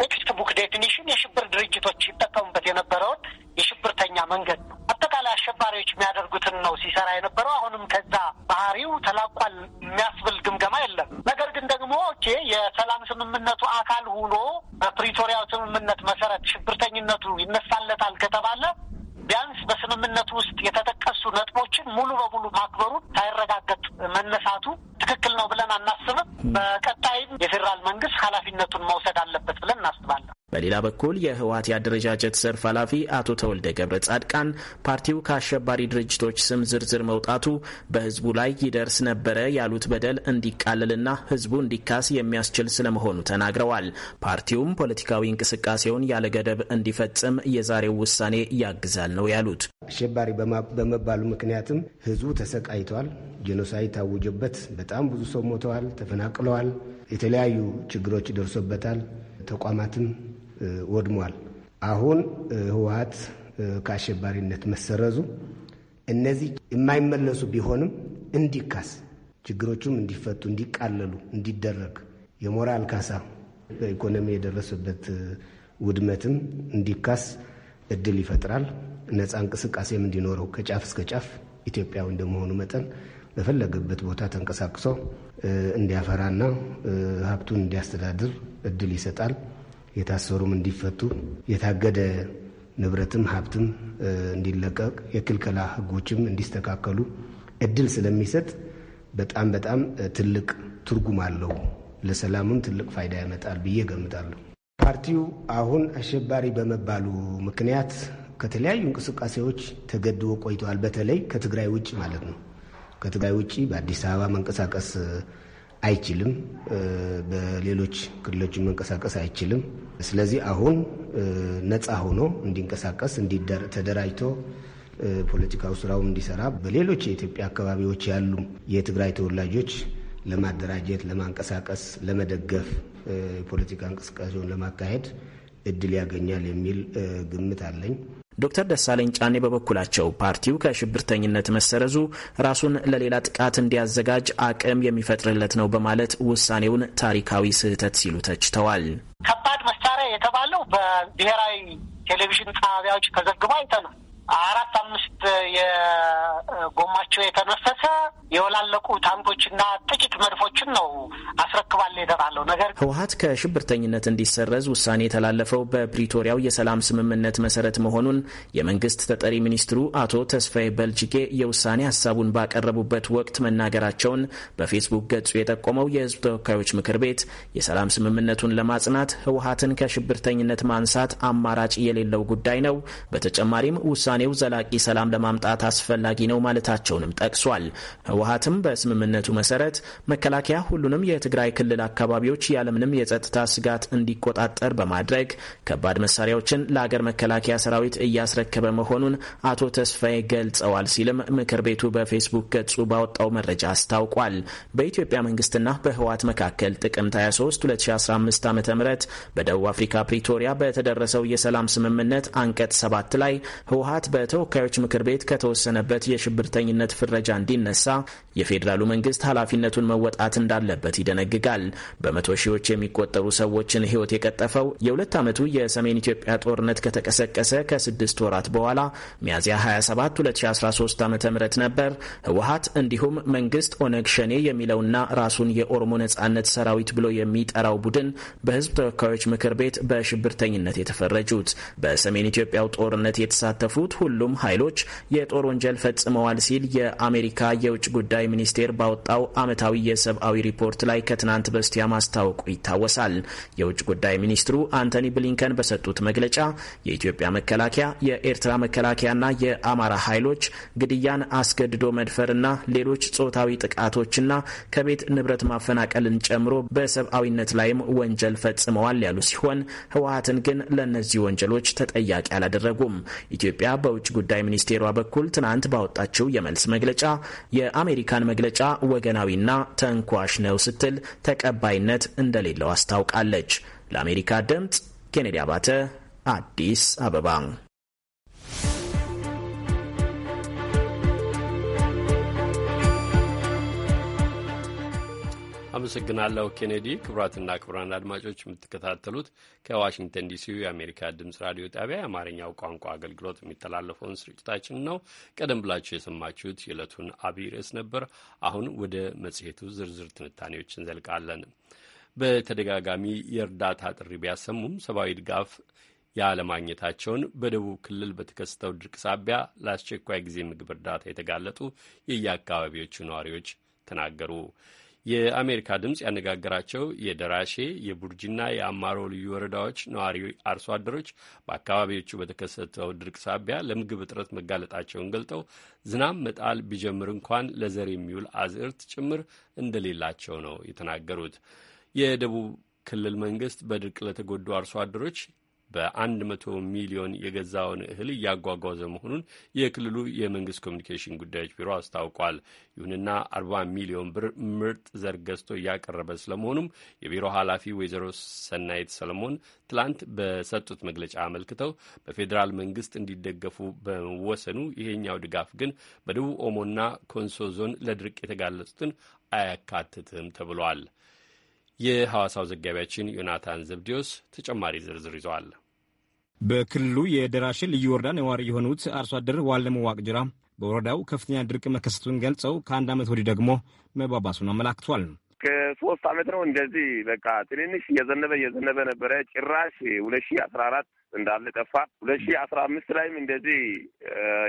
ቴክስት ቡክ ዴፊኒሽን የሽብር ድርጅቶች ይጠቀሙበት የነበረውን የሽብርተኛ መንገድ ነው። አጠቃላይ አሸባሪዎች የሚያደርጉትን ነው ሲሰራ የነበረው። አሁንም ከዛ ባህሪው ተላቋል የሚያስብል ግምገማ የለም። ነገር ግን ደግሞ ኦኬ የሰላም ስምምነቱ አካል ሆኖ በፕሪቶሪያው ስምምነት መሰረት ሽብርተኝነቱ ይነሳለታል ከተባለ ቢያንስ በስምምነቱ ውስጥ የተጠቀሱ ነጥቦችን ሙሉ በሙሉ ማክበሩን ሳይረጋገጥ መነሳቱ ትክክል ነው ብለን አናስብም። በቀጣይም የፌዴራል መንግስት ኃላፊነቱን መውሰድ አለበት ብለን እናስባለን። በሌላ በኩል የህወሀት የአደረጃጀት ዘርፍ ኃላፊ አቶ ተወልደ ገብረ ጻድቃን ፓርቲው ከአሸባሪ ድርጅቶች ስም ዝርዝር መውጣቱ በህዝቡ ላይ ይደርስ ነበረ ያሉት በደል እንዲቃለልና ህዝቡ እንዲካስ የሚያስችል ስለመሆኑ ተናግረዋል። ፓርቲውም ፖለቲካዊ እንቅስቃሴውን ያለ ገደብ እንዲፈጽም የዛሬው ውሳኔ ያግዛል ነው ያሉት። አሸባሪ በመባሉ ምክንያትም ህዝቡ ተሰቃይቷል። ጄኖሳይድ ታውጆበት በጣም ብዙ ሰው ሞተዋል፣ ተፈናቅለዋል፣ የተለያዩ ችግሮች ደርሶበታል። ተቋማትም ወድሟል። አሁን ህወሀት ከአሸባሪነት መሰረዙ እነዚህ የማይመለሱ ቢሆንም እንዲካስ ችግሮቹም እንዲፈቱ እንዲቃለሉ እንዲደረግ የሞራል ካሳ በኢኮኖሚ የደረሰበት ውድመትም እንዲካስ እድል ይፈጥራል። ነፃ እንቅስቃሴም እንዲኖረው ከጫፍ እስከ ጫፍ ኢትዮጵያዊ እንደመሆኑ መጠን በፈለገበት ቦታ ተንቀሳቅሶ እንዲያፈራና ሀብቱን እንዲያስተዳድር እድል ይሰጣል። የታሰሩም እንዲፈቱ፣ የታገደ ንብረትም ሀብትም እንዲለቀቅ፣ የክልከላ ህጎችም እንዲስተካከሉ እድል ስለሚሰጥ በጣም በጣም ትልቅ ትርጉም አለው። ለሰላሙም ትልቅ ፋይዳ ያመጣል ብዬ ገምታለሁ። ፓርቲው አሁን አሸባሪ በመባሉ ምክንያት ከተለያዩ እንቅስቃሴዎች ተገድቦ ቆይተዋል። በተለይ ከትግራይ ውጭ ማለት ነው። ከትግራይ ውጭ በአዲስ አበባ መንቀሳቀስ አይችልም። በሌሎች ክልሎችን መንቀሳቀስ አይችልም። ስለዚህ አሁን ነፃ ሆኖ እንዲንቀሳቀስ ተደራጅቶ ፖለቲካው ስራው እንዲሰራ በሌሎች የኢትዮጵያ አካባቢዎች ያሉ የትግራይ ተወላጆች ለማደራጀት፣ ለማንቀሳቀስ፣ ለመደገፍ የፖለቲካ እንቅስቃሴውን ለማካሄድ እድል ያገኛል የሚል ግምት አለኝ። ዶክተር ደሳለኝ ጫኔ በበኩላቸው ፓርቲው ከሽብርተኝነት መሰረዙ ራሱን ለሌላ ጥቃት እንዲያዘጋጅ አቅም የሚፈጥርለት ነው በማለት ውሳኔውን ታሪካዊ ስህተት ሲሉ ተችተዋል። ከባድ መሳሪያ የተባለው በብሔራዊ ቴሌቪዥን ጣቢያዎች ተዘግቦ አይተናል። አራት አምስት የጎማቸው የተነፈሰ የወላለቁ ታንኮችና ጥቂት መድፎችን ነው አስረክባል ሄደራለሁ። ነገር ህወሀት ከሽብርተኝነት እንዲሰረዝ ውሳኔ የተላለፈው በፕሪቶሪያው የሰላም ስምምነት መሰረት መሆኑን የመንግስት ተጠሪ ሚኒስትሩ አቶ ተስፋዬ በልጅጌ የውሳኔ ሀሳቡን ባቀረቡበት ወቅት መናገራቸውን በፌስቡክ ገጹ የጠቆመው የህዝብ ተወካዮች ምክር ቤት የሰላም ስምምነቱን ለማጽናት ህወሀትን ከሽብርተኝነት ማንሳት አማራጭ የሌለው ጉዳይ ነው። በተጨማሪም ውሳኔ ውሳኔው ዘላቂ ሰላም ለማምጣት አስፈላጊ ነው ማለታቸውንም ጠቅሷል። ህወሀትም በስምምነቱ መሰረት መከላከያ ሁሉንም የትግራይ ክልል አካባቢዎች ያለምንም የጸጥታ ስጋት እንዲቆጣጠር በማድረግ ከባድ መሳሪያዎችን ለአገር መከላከያ ሰራዊት እያስረከበ መሆኑን አቶ ተስፋዬ ገልጸዋል ሲልም ምክር ቤቱ በፌስቡክ ገጹ ባወጣው መረጃ አስታውቋል። በኢትዮጵያ መንግስትና በህወሀት መካከል ጥቅምት 23 2015 ዓ ም በደቡብ አፍሪካ ፕሪቶሪያ በተደረሰው የሰላም ስምምነት አንቀጽ ሰባት ላይ ህወሀት በተወካዮች ምክር ቤት ከተወሰነበት የሽብርተኝነት ፍረጃ እንዲነሳ የፌዴራሉ መንግስት ኃላፊነቱን መወጣት እንዳለበት ይደነግጋል። በመቶ ሺዎች የሚቆጠሩ ሰዎችን ህይወት የቀጠፈው የሁለት ዓመቱ የሰሜን ኢትዮጵያ ጦርነት ከተቀሰቀሰ ከስድስት ወራት በኋላ ሚያዝያ 27 2013 ዓ ም ነበር ህወሀት እንዲሁም መንግስት ኦነግ ሸኔ የሚለውና ራሱን የኦሮሞ ነጻነት ሰራዊት ብሎ የሚጠራው ቡድን በህዝብ ተወካዮች ምክር ቤት በሽብርተኝነት የተፈረጁት በሰሜን ኢትዮጵያው ጦርነት የተሳተፉት ሁሉም ኃይሎች የጦር ወንጀል ፈጽመዋል ሲል የአሜሪካ የውጭ ጉዳይ ሚኒስቴር ባወጣው ዓመታዊ የሰብአዊ ሪፖርት ላይ ከትናንት በስቲያ ማስታወቁ ይታወሳል። የውጭ ጉዳይ ሚኒስትሩ አንቶኒ ብሊንከን በሰጡት መግለጫ የኢትዮጵያ መከላከያ፣ የኤርትራ መከላከያና የአማራ ኃይሎች ግድያን፣ አስገድዶ መድፈርና ሌሎች ጾታዊ ጥቃቶችና ከቤት ንብረት ማፈናቀልን ጨምሮ በሰብአዊነት ላይም ወንጀል ፈጽመዋል ያሉ ሲሆን ህወሀትን ግን ለእነዚህ ወንጀሎች ተጠያቂ አላደረጉም። ኢትዮጵያ በውጭ ጉዳይ ሚኒስቴሯ በኩል ትናንት ባወጣችው የመልስ መግለጫ የአሜሪካን መግለጫ ወገናዊና ተንኳሽ ነው ስትል ተቀባይነት እንደሌለው አስታውቃለች። ለአሜሪካ ድምፅ ኬኔዲ አባተ አዲስ አበባ አመሰግናለሁ ኬኔዲ። ክቡራትና ክቡራን አድማጮች የምትከታተሉት ከዋሽንግተን ዲሲ የአሜሪካ ድምፅ ራዲዮ ጣቢያ የአማርኛው ቋንቋ አገልግሎት የሚተላለፈውን ስርጭታችን ነው። ቀደም ብላችሁ የሰማችሁት የዕለቱን አብይ ርዕስ ነበር። አሁን ወደ መጽሔቱ ዝርዝር ትንታኔዎች እንዘልቃለን። በተደጋጋሚ የእርዳታ ጥሪ ቢያሰሙም ሰብአዊ ድጋፍ ያለማግኘታቸውን በደቡብ ክልል በተከሰተው ድርቅ ሳቢያ ለአስቸኳይ ጊዜ ምግብ እርዳታ የተጋለጡ የየአካባቢዎቹ ነዋሪዎች ተናገሩ። የአሜሪካ ድምፅ ያነጋገራቸው የደራሼ የቡርጂና የአማሮ ልዩ ወረዳዎች ነዋሪ አርሶ አደሮች በአካባቢዎቹ በተከሰተው ድርቅ ሳቢያ ለምግብ እጥረት መጋለጣቸውን ገልጠው ዝናብ መጣል ቢጀምር እንኳን ለዘር የሚውል አዝዕርት ጭምር እንደሌላቸው ነው የተናገሩት። የደቡብ ክልል መንግስት በድርቅ ለተጎዱ አርሶ አደሮች በአንድ መቶ ሚሊዮን የገዛውን እህል እያጓጓዘ መሆኑን የክልሉ የመንግስት ኮሚኒኬሽን ጉዳዮች ቢሮ አስታውቋል። ይሁንና አርባ ሚሊዮን ብር ምርጥ ዘር ገዝቶ እያቀረበ ስለመሆኑም የቢሮ ኃላፊ ወይዘሮ ሰናይት ሰለሞን ትላንት በሰጡት መግለጫ አመልክተው በፌዴራል መንግስት እንዲደገፉ በመወሰኑ ይሄኛው ድጋፍ ግን በደቡብ ኦሞና ኮንሶ ዞን ለድርቅ የተጋለጹትን አያካትትም ተብሏል። የሐዋሳው ዘጋቢያችን ዮናታን ዘብዲዮስ ተጨማሪ ዝርዝር ይዘዋል። በክልሉ የደራሽ ልዩ ወረዳ ነዋሪ የሆኑት አርሶ አደር ዋለሙ ዋቅጅራ በወረዳው ከፍተኛ ድርቅ መከሰቱን ገልጸው ከአንድ ዓመት ወዲህ ደግሞ መባባሱን አመላክቷል። ከሶስት አመት ነው እንደዚህ በቃ ትንንሽ እየዘነበ እየዘነበ ነበረ። ጭራሽ ሁለት ሺህ አስራ አራት እንዳለ ጠፋ። ሁለት ሺህ አስራ አምስት ላይም እንደዚህ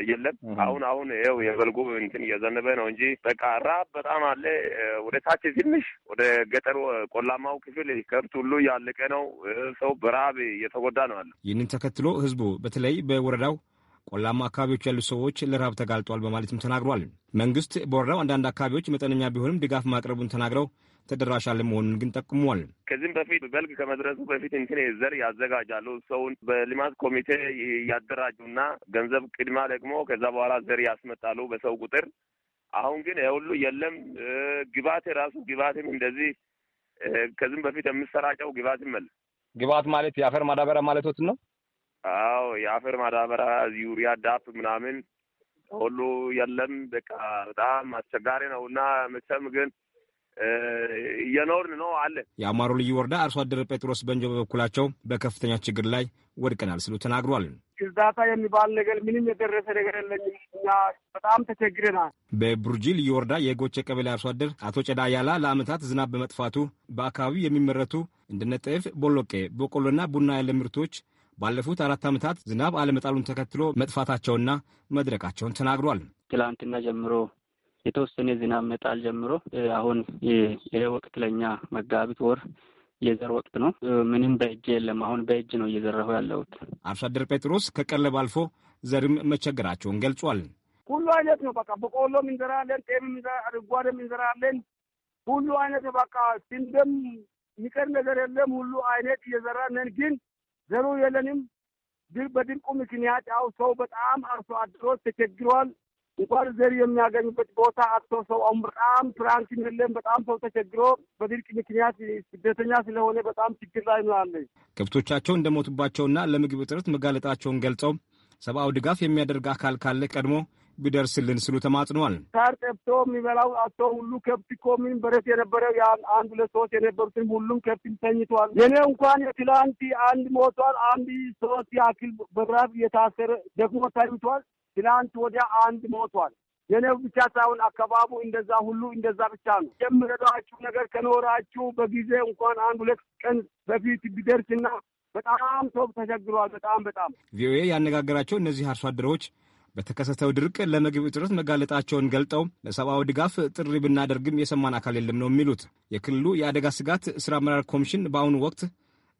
የለም። አሁን አሁን ይኸው የበልጉ እንትን እየዘነበ ነው እንጂ በቃ ራብ በጣም አለ። ወደ ታች ትንሽ ወደ ገጠሩ ቆላማው ክፍል ከብት ሁሉ ያለቀ ነው። ሰው በረሀብ እየተጎዳ ነው አለ። ይህንን ተከትሎ ህዝቡ በተለይ በወረዳው ቆላማ አካባቢዎች ያሉ ሰዎች ለረሃብ ተጋልጧል በማለትም ተናግሯል። መንግስት በወረዳው አንዳንድ አካባቢዎች መጠነኛ ቢሆንም ድጋፍ ማቅረቡን ተናግረው ተደራሽ አለመሆኑን ግን ጠቁሟል። ከዚህም በፊት በልግ ከመድረሱ በፊት እንትን ዘር ያዘጋጃሉ። ሰውን በልማት ኮሚቴ ያደራጁና ገንዘብ ቅድማ ደግሞ ከዛ በኋላ ዘር ያስመጣሉ በሰው ቁጥር። አሁን ግን ሁሉ የለም። ግባት ራሱ ግባትም እንደዚህ ከዚህም በፊት የምሰራጨው ግባትም መለ ግባት ማለት የአፈር ማዳበሪያ ማለቶትን ነው። አዎ የአፈር ማዳበሪያ ዩሪያ፣ ዳፕ ምናምን ሁሉ የለም። በቃ በጣም አስቸጋሪ ነው እና መቼም ግን እየኖርን ነው አለ። የአማሮ ልዩ ወረዳ አርሶ አደር ጴጥሮስ በንጆ በበኩላቸው በከፍተኛ ችግር ላይ ወድቀናል ስሉ ተናግሯል። እርዳታ የሚባል ነገር ምንም የደረሰ ነገር የለኝም። እኛ በጣም ተቸግረናል። በቡርጂ ልዩ ወረዳ የጎቼ ቀበሌ አርሶ አደር አቶ ጨዳ ያላ ዝናብ በመጥፋቱ በአካባቢው የሚመረቱ እንደነ ጤፍ፣ ቦሎቄ፣ በቆሎና ቡና ያለ ምርቶች ባለፉት አራት ዓመታት ዝናብ አለመጣሉን ተከትሎ መጥፋታቸውና መድረቃቸውን ተናግሯል። ትላንትና ጀምሮ የተወሰነ ዝናብ መጣል ጀምሮ አሁን ይሄ ወቅት ለእኛ መጋቢት ወር የዘር ወቅት ነው። ምንም በእጅ የለም። አሁን በእጅ ነው እየዘራሁ ያለሁት። አርሶ አደር ጴጥሮስ ከቀለብ አልፎ ዘርም መቸገራቸውን ገልጿል። ሁሉ አይነት ነው። በቃ በቆሎም እንዘራለን፣ ጤምም ጓደም እንዘራለን። ሁሉ አይነት ነው። በቃ ስንዴም የሚቀር ነገር የለም። ሁሉ አይነት እየዘራነን ግን ዘሩ የለንም። በድርቁ ምክንያት ያው ሰው በጣም አርሶ አድሮ ተቸግሯል። እንኳን ዘር የሚያገኙበት ቦታ አቶ ሰው አሁን በጣም ፍራንክን የለም። በጣም ሰው ተቸግሮ በድርቅ ምክንያት ስደተኛ ስለሆነ በጣም ችግር ላይ ነው ከብቶቻቸው እንደሞቱባቸውና ለምግብ እጥረት መጋለጣቸውን ገልጸው ሰብአዊ ድጋፍ የሚያደርግ አካል ካለ ቀድሞ ቢደርስልን ስሉ ተማጽነዋል። ሳር ጠብቶ የሚበላው አቶ ሁሉ ከብት እኮ ምን በረት የነበረው አንድ ሁለት ሶስት የነበሩትን ሁሉም ከብት ተኝቷል። የኔ እንኳን የትላንት አንድ ሞቷል። አንድ ሶስት ያክል በራፍ የታሰረ ደግሞ ተኝቷል። ትላንት ወዲያ አንድ ሞቷል። የኔው ብቻ ሳይሆን አካባቡ እንደዛ ሁሉ እንደዛ ብቻ ነው። የምረዳችሁ ነገር ከኖራችሁ በጊዜ እንኳን አንድ ሁለት ቀን በፊት ቢደርስና በጣም ሰው ተቸግሯል። በጣም በጣም ቪኦኤ ያነጋገራቸው እነዚህ አርሶ አደሮች በተከሰተው ድርቅ ለምግብ እጥረት መጋለጣቸውን ገልጠው ለሰብአዊ ድጋፍ ጥሪ ብናደርግም የሰማን አካል የለም ነው የሚሉት የክልሉ የአደጋ ስጋት ስራ አመራር ኮሚሽን በአሁኑ ወቅት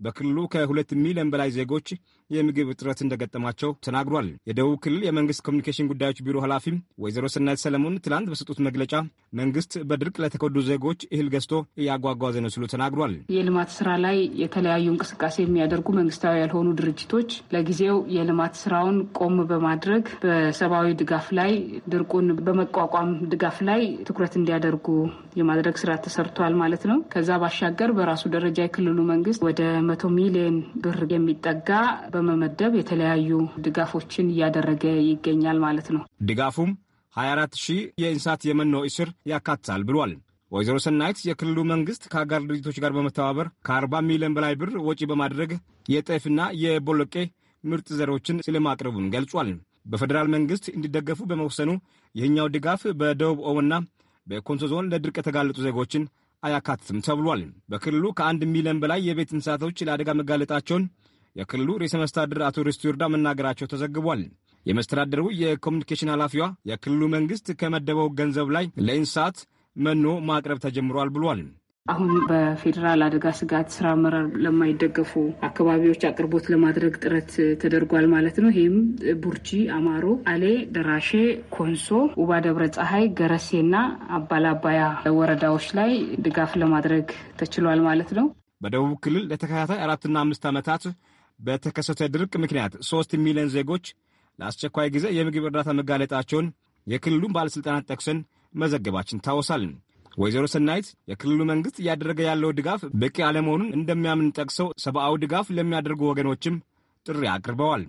በክልሉ ከሁለት ሚሊዮን በላይ ዜጎች የምግብ እጥረት እንደገጠማቸው ተናግሯል። የደቡብ ክልል የመንግስት ኮሚኒኬሽን ጉዳዮች ቢሮ ኃላፊ ወይዘሮ ስናይት ሰለሞን ትላንት በሰጡት መግለጫ መንግስት በድርቅ ለተጎዱ ዜጎች እህል ገዝቶ እያጓጓዘ ነው ሲሉ ተናግሯል። የልማት ስራ ላይ የተለያዩ እንቅስቃሴ የሚያደርጉ መንግስታዊ ያልሆኑ ድርጅቶች ለጊዜው የልማት ስራውን ቆም በማድረግ በሰብአዊ ድጋፍ ላይ ድርቁን በመቋቋም ድጋፍ ላይ ትኩረት እንዲያደርጉ የማድረግ ስራ ተሰርቷል ማለት ነው። ከዛ ባሻገር በራሱ ደረጃ የክልሉ መንግስት ወደ መቶ ሚሊዮን ብር የሚጠጋ በመመደብ የተለያዩ ድጋፎችን እያደረገ ይገኛል ማለት ነው። ድጋፉም 24 ሺህ የእንስሳት የመኖ እስር ያካትታል ብሏል። ወይዘሮ ሰናይት የክልሉ መንግስት ከአጋር ድርጅቶች ጋር በመተባበር ከ40 ሚሊዮን በላይ ብር ወጪ በማድረግ የጤፍና የቦሎቄ ምርጥ ዘሮችን ስለማቅረቡን ገልጿል። በፌዴራል መንግስት እንዲደገፉ በመወሰኑ ይህኛው ድጋፍ በደቡብ ኦሞና በኮንሶ ዞን ለድርቅ የተጋለጡ ዜጎችን አያካትትም ተብሏል። በክልሉ ከአንድ ሚሊዮን በላይ የቤት እንስሳቶች ለአደጋ መጋለጣቸውን የክልሉ ርዕሰ መስተዳድር አቶ ርስቱ ይርዳ መናገራቸው ተዘግቧል። የመስተዳደሩ የኮሚኒኬሽን ኃላፊዋ የክልሉ መንግስት ከመደበው ገንዘብ ላይ ለእንስሳት መኖ ማቅረብ ተጀምሯል ብሏል። አሁን በፌዴራል አደጋ ስጋት ስራ አመራር ለማይደገፉ አካባቢዎች አቅርቦት ለማድረግ ጥረት ተደርጓል ማለት ነው። ይህም ቡርጂ፣ አማሮ፣ አሌ፣ ደራሼ፣ ኮንሶ፣ ውባ ደብረ ፀሐይ፣ ገረሴና አባላባያ ወረዳዎች ላይ ድጋፍ ለማድረግ ተችሏል ማለት ነው። በደቡብ ክልል ለተከታታይ አራትና አምስት ዓመታት በተከሰተ ድርቅ ምክንያት ሶስት ሚሊዮን ዜጎች ለአስቸኳይ ጊዜ የምግብ እርዳታ መጋለጣቸውን የክልሉን ባለሥልጣናት ጠቅሰን መዘገባችን ታወሳልን። ወይዘሮ ሰናይት የክልሉ መንግስት እያደረገ ያለው ድጋፍ በቂ አለመሆኑን እንደሚያምን ጠቅሰው ሰብአዊ ድጋፍ ለሚያደርጉ ወገኖችም ጥሪ አቅርበዋል።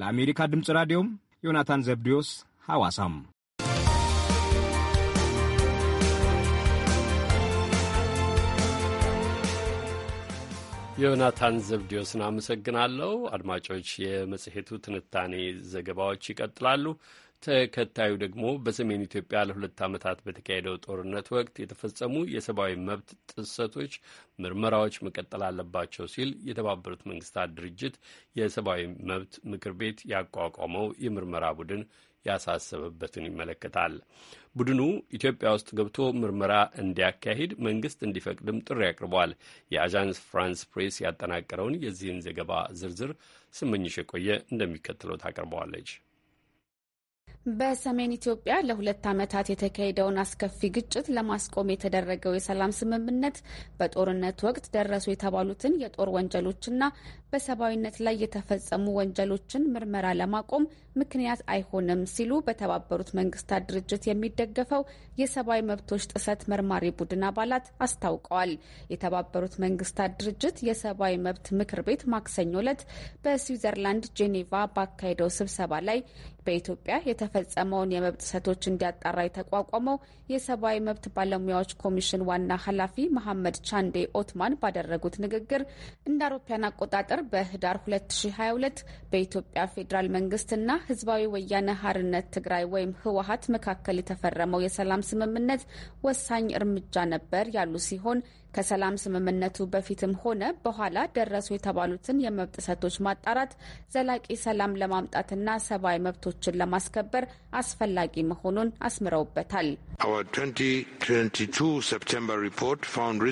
ለአሜሪካ ድምፅ ራዲዮም ዮናታን ዘብዲዮስ ሐዋሳም። ዮናታን ዘብዲዮስን አመሰግናለሁ። አድማጮች፣ የመጽሔቱ ትንታኔ ዘገባዎች ይቀጥላሉ። ተከታዩ ደግሞ በሰሜን ኢትዮጵያ ለሁለት ዓመታት በተካሄደው ጦርነት ወቅት የተፈጸሙ የሰብአዊ መብት ጥሰቶች ምርመራዎች መቀጠል አለባቸው ሲል የተባበሩት መንግስታት ድርጅት የሰብአዊ መብት ምክር ቤት ያቋቋመው የምርመራ ቡድን ያሳሰበበትን ይመለከታል። ቡድኑ ኢትዮጵያ ውስጥ ገብቶ ምርመራ እንዲያካሂድ መንግስት እንዲፈቅድም ጥሪ አቅርቧል። የአዣንስ ፍራንስ ፕሬስ ያጠናቀረውን የዚህን ዘገባ ዝርዝር ስመኝሽ የቆየ እንደሚከተለው ታቀርበዋለች። በሰሜን ኢትዮጵያ ለሁለት ዓመታት የተካሄደውን አስከፊ ግጭት ለማስቆም የተደረገው የሰላም ስምምነት በጦርነት ወቅት ደረሱ የተባሉትን የጦር ወንጀሎችና በሰብአዊነት ላይ የተፈጸሙ ወንጀሎችን ምርመራ ለማቆም ምክንያት አይሆንም ሲሉ በተባበሩት መንግስታት ድርጅት የሚደገፈው የሰብአዊ መብቶች ጥሰት መርማሪ ቡድን አባላት አስታውቀዋል። የተባበሩት መንግስታት ድርጅት የሰብአዊ መብት ምክር ቤት ማክሰኞ ዕለት በስዊዘርላንድ ጄኔቫ ባካሄደው ስብሰባ ላይ በኢትዮጵያ የተፈጸመውን የመብት ጥሰቶች እንዲያጣራ የተቋቋመው የሰብአዊ መብት ባለሙያዎች ኮሚሽን ዋና ኃላፊ መሐመድ ቻንዴ ኦትማን ባደረጉት ንግግር እንደ አውሮፓውያን አቆጣጠር በህዳር 2022 በኢትዮጵያ ፌዴራል መንግስትና ህዝባዊ ወያነ ሀርነት ትግራይ ወይም ህወሀት መካከል የተፈረመው የሰላም ስምምነት ወሳኝ እርምጃ ነበር ያሉ ሲሆን ከሰላም ስምምነቱ በፊትም ሆነ በኋላ ደረሱ የተባሉትን የመብት ጥሰቶች ማጣራት ዘላቂ ሰላም ለማምጣትና ሰብአዊ መብቶችን ለማስከበር አስፈላጊ መሆኑን አስምረውበታል። 2022 September report found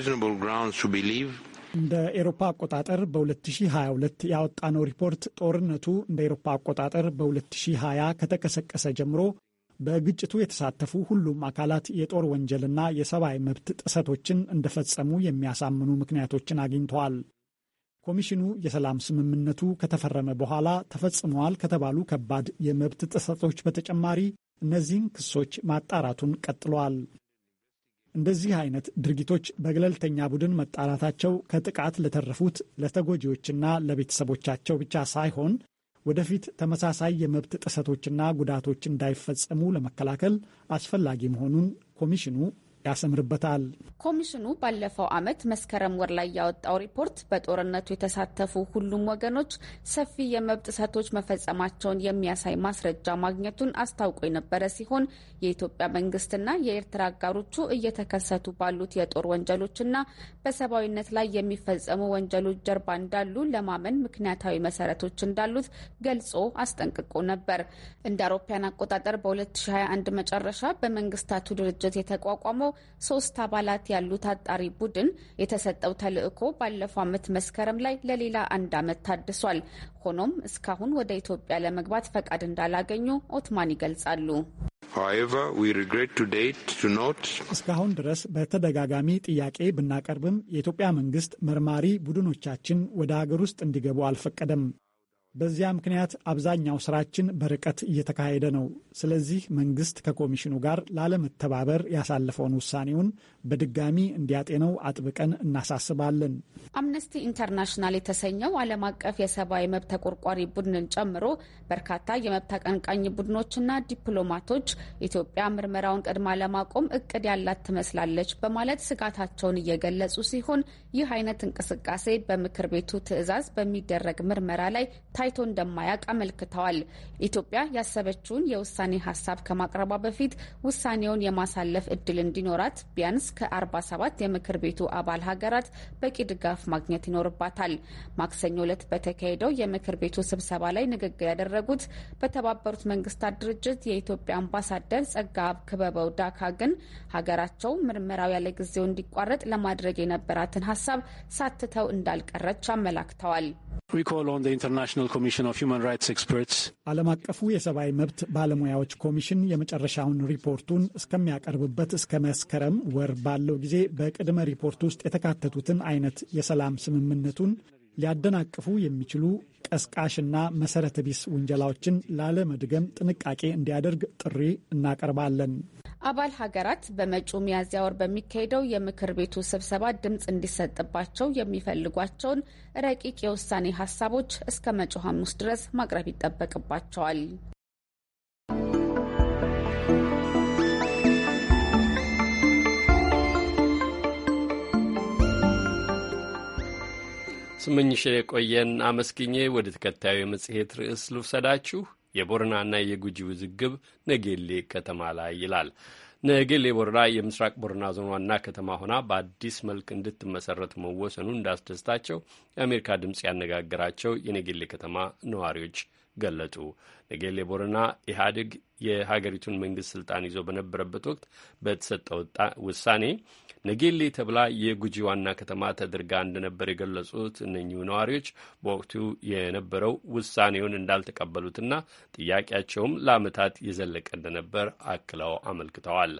እንደ ኤሮፓ አቆጣጠር በ2022 ያወጣነው ሪፖርት ጦርነቱ እንደ ኤሮፓ አቆጣጠር በ2020 ከተቀሰቀሰ ጀምሮ በግጭቱ የተሳተፉ ሁሉም አካላት የጦር ወንጀልና የሰብአዊ መብት ጥሰቶችን እንደፈጸሙ የሚያሳምኑ ምክንያቶችን አግኝተዋል። ኮሚሽኑ የሰላም ስምምነቱ ከተፈረመ በኋላ ተፈጽመዋል ከተባሉ ከባድ የመብት ጥሰቶች በተጨማሪ እነዚህን ክሶች ማጣራቱን ቀጥሏል። እንደዚህ አይነት ድርጊቶች በገለልተኛ ቡድን መጣራታቸው ከጥቃት ለተረፉት ለተጎጂዎችና ለቤተሰቦቻቸው ብቻ ሳይሆን ወደፊት ተመሳሳይ የመብት ጥሰቶችና ጉዳቶች እንዳይፈጸሙ ለመከላከል አስፈላጊ መሆኑን ኮሚሽኑ ያሰምርበታል። ኮሚሽኑ ባለፈው ዓመት መስከረም ወር ላይ ያወጣው ሪፖርት በጦርነቱ የተሳተፉ ሁሉም ወገኖች ሰፊ የመብት ጥሰቶች መፈጸማቸውን የሚያሳይ ማስረጃ ማግኘቱን አስታውቆ የነበረ ሲሆን የኢትዮጵያ መንግስትና የኤርትራ አጋሮቹ እየተከሰቱ ባሉት የጦር ወንጀሎችና በሰብአዊነት ላይ የሚፈጸሙ ወንጀሎች ጀርባ እንዳሉ ለማመን ምክንያታዊ መሰረቶች እንዳሉት ገልጾ አስጠንቅቆ ነበር። እንደ አውሮፓውያን አቆጣጠር በ2021 መጨረሻ በመንግስታቱ ድርጅት የተቋቋመው ሶስት አባላት ያሉት አጣሪ ቡድን የተሰጠው ተልዕኮ ባለፈው ዓመት መስከረም ላይ ለሌላ አንድ ዓመት ታድሷል። ሆኖም እስካሁን ወደ ኢትዮጵያ ለመግባት ፈቃድ እንዳላገኙ ኦትማን ይገልጻሉ። እስካሁን ድረስ በተደጋጋሚ ጥያቄ ብናቀርብም የኢትዮጵያ መንግስት መርማሪ ቡድኖቻችን ወደ ሀገር ውስጥ እንዲገቡ አልፈቀደም። በዚያ ምክንያት አብዛኛው ስራችን በርቀት እየተካሄደ ነው። ስለዚህ መንግስት ከኮሚሽኑ ጋር ላለመተባበር ያሳለፈውን ውሳኔውን በድጋሚ እንዲያጤነው አጥብቀን እናሳስባለን። አምነስቲ ኢንተርናሽናል የተሰኘው ዓለም አቀፍ የሰብአዊ መብት ተቆርቋሪ ቡድንን ጨምሮ በርካታ የመብት አቀንቃኝ ቡድኖችና ዲፕሎማቶች ኢትዮጵያ ምርመራውን ቀድማ ለማቆም እቅድ ያላት ትመስላለች በማለት ስጋታቸውን እየገለጹ ሲሆን ይህ አይነት እንቅስቃሴ በምክር ቤቱ ትዕዛዝ በሚደረግ ምርመራ ላይ ታይቶ እንደማያውቅ አመልክተዋል። ኢትዮጵያ ያሰበችውን የውሳኔ ሀሳብ ከማቅረቧ በፊት ውሳኔውን የማሳለፍ እድል እንዲኖራት ቢያንስ ከ47 የምክር ቤቱ አባል ሀገራት በቂ ድጋፍ ማግኘት ይኖርባታል። ማክሰኞ ዕለት በተካሄደው የምክር ቤቱ ስብሰባ ላይ ንግግር ያደረጉት በተባበሩት መንግስታት ድርጅት የኢትዮጵያ አምባሳደር ጸጋብ ክበበው ዳካ ግን ሀገራቸው ምርመራው ያለ ጊዜው እንዲቋረጥ ለማድረግ የነበራትን ሀሳብ ሳትተው እንዳልቀረች አመላክተዋል። ዓለም አቀፉ የሰብአዊ መብት ባለሙያዎች ኮሚሽን የመጨረሻውን ሪፖርቱን እስከሚያቀርብበት እስከ መስከረም ወር ባለው ጊዜ በቅድመ ሪፖርት ውስጥ የተካተቱትን አይነት የሰላም ስምምነቱን ሊያደናቅፉ የሚችሉ ቀስቃሽና መሰረተ ቢስ ውንጀላዎችን ላለመድገም ጥንቃቄ እንዲያደርግ ጥሪ እናቀርባለን። አባል ሀገራት በመጪው ሚያዝያ ወር በሚካሄደው የምክር ቤቱ ስብሰባ ድምፅ እንዲሰጥባቸው የሚፈልጓቸውን ረቂቅ የውሳኔ ሀሳቦች እስከ መጪው ሐሙስ ድረስ ማቅረብ ይጠበቅባቸዋል። ስምኝሽ የቆየን አመስግኜ ወደ ተከታዩ የመጽሔት ርዕስ ልውሰዳችሁ። የቦረናና የጉጂ ውዝግብ ነጌሌ ከተማ ላይ ይላል። ነጌሌ ቦረና የምስራቅ ቦረና ዞን ዋና ከተማ ሆና በአዲስ መልክ እንድትመሰረት መወሰኑ እንዳስደስታቸው የአሜሪካ ድምፅ ያነጋገራቸው የነጌሌ ከተማ ነዋሪዎች ገለጡ። ነጌሌ ቦረና ኢህአዴግ የሀገሪቱን መንግስት ስልጣን ይዞ በነበረበት ወቅት በተሰጠ ውሳኔ ነጌሌ ተብላ የጉጂ ዋና ከተማ ተደርጋ እንደነበር የገለጹት እነኚሁ ነዋሪዎች በወቅቱ የነበረው ውሳኔውን እንዳልተቀበሉትና ጥያቄያቸውም ለዓመታት የዘለቀ እንደነበር አክለው አመልክተዋል።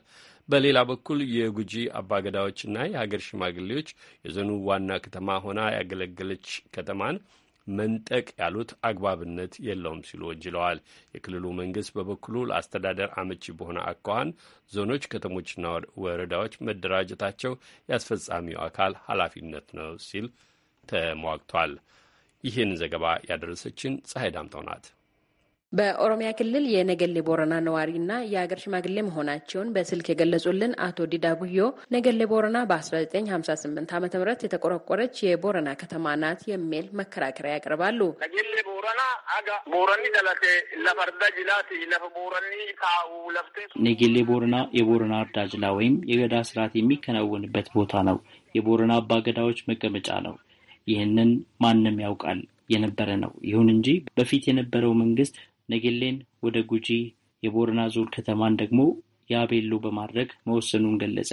በሌላ በኩል የጉጂ አባገዳዎችና የሀገር ሽማግሌዎች የዘኑ ዋና ከተማ ሆና ያገለገለች ከተማን መንጠቅ ያሉት አግባብነት የለውም ሲሉ ወንጅለዋል። የክልሉ መንግስት በበኩሉ ለአስተዳደር አመቺ በሆነ አኳኋን ዞኖች፣ ከተሞችና ወረዳዎች መደራጀታቸው የአስፈጻሚው አካል ኃላፊነት ነው ሲል ተሟግቷል። ይህን ዘገባ ያደረሰችን ፀሐይ ዳምጠው ናት። በኦሮሚያ ክልል የነገሌ ቦረና ነዋሪና የሀገር ሽማግሌ መሆናቸውን በስልክ የገለጹልን አቶ ዲዳ ጉዮ ነገሌ ቦረና በ1958 ዓ ም የተቆረቆረች የቦረና ከተማ ናት የሚል መከራከሪያ ያቀርባሉ። ነገሌ ቦረና የቦረና አርዳጅላ ወይም የገዳ ስርዓት የሚከናወንበት ቦታ ነው። የቦረና አባገዳዎች መቀመጫ ነው። ይህንን ማንም ያውቃል የነበረ ነው። ይሁን እንጂ በፊት የነበረው መንግስት ነጌሌን ወደ ጉጂ፣ የቦረና ዞን ከተማን ደግሞ የአቤሎ በማድረግ መወሰኑን ገለጸ።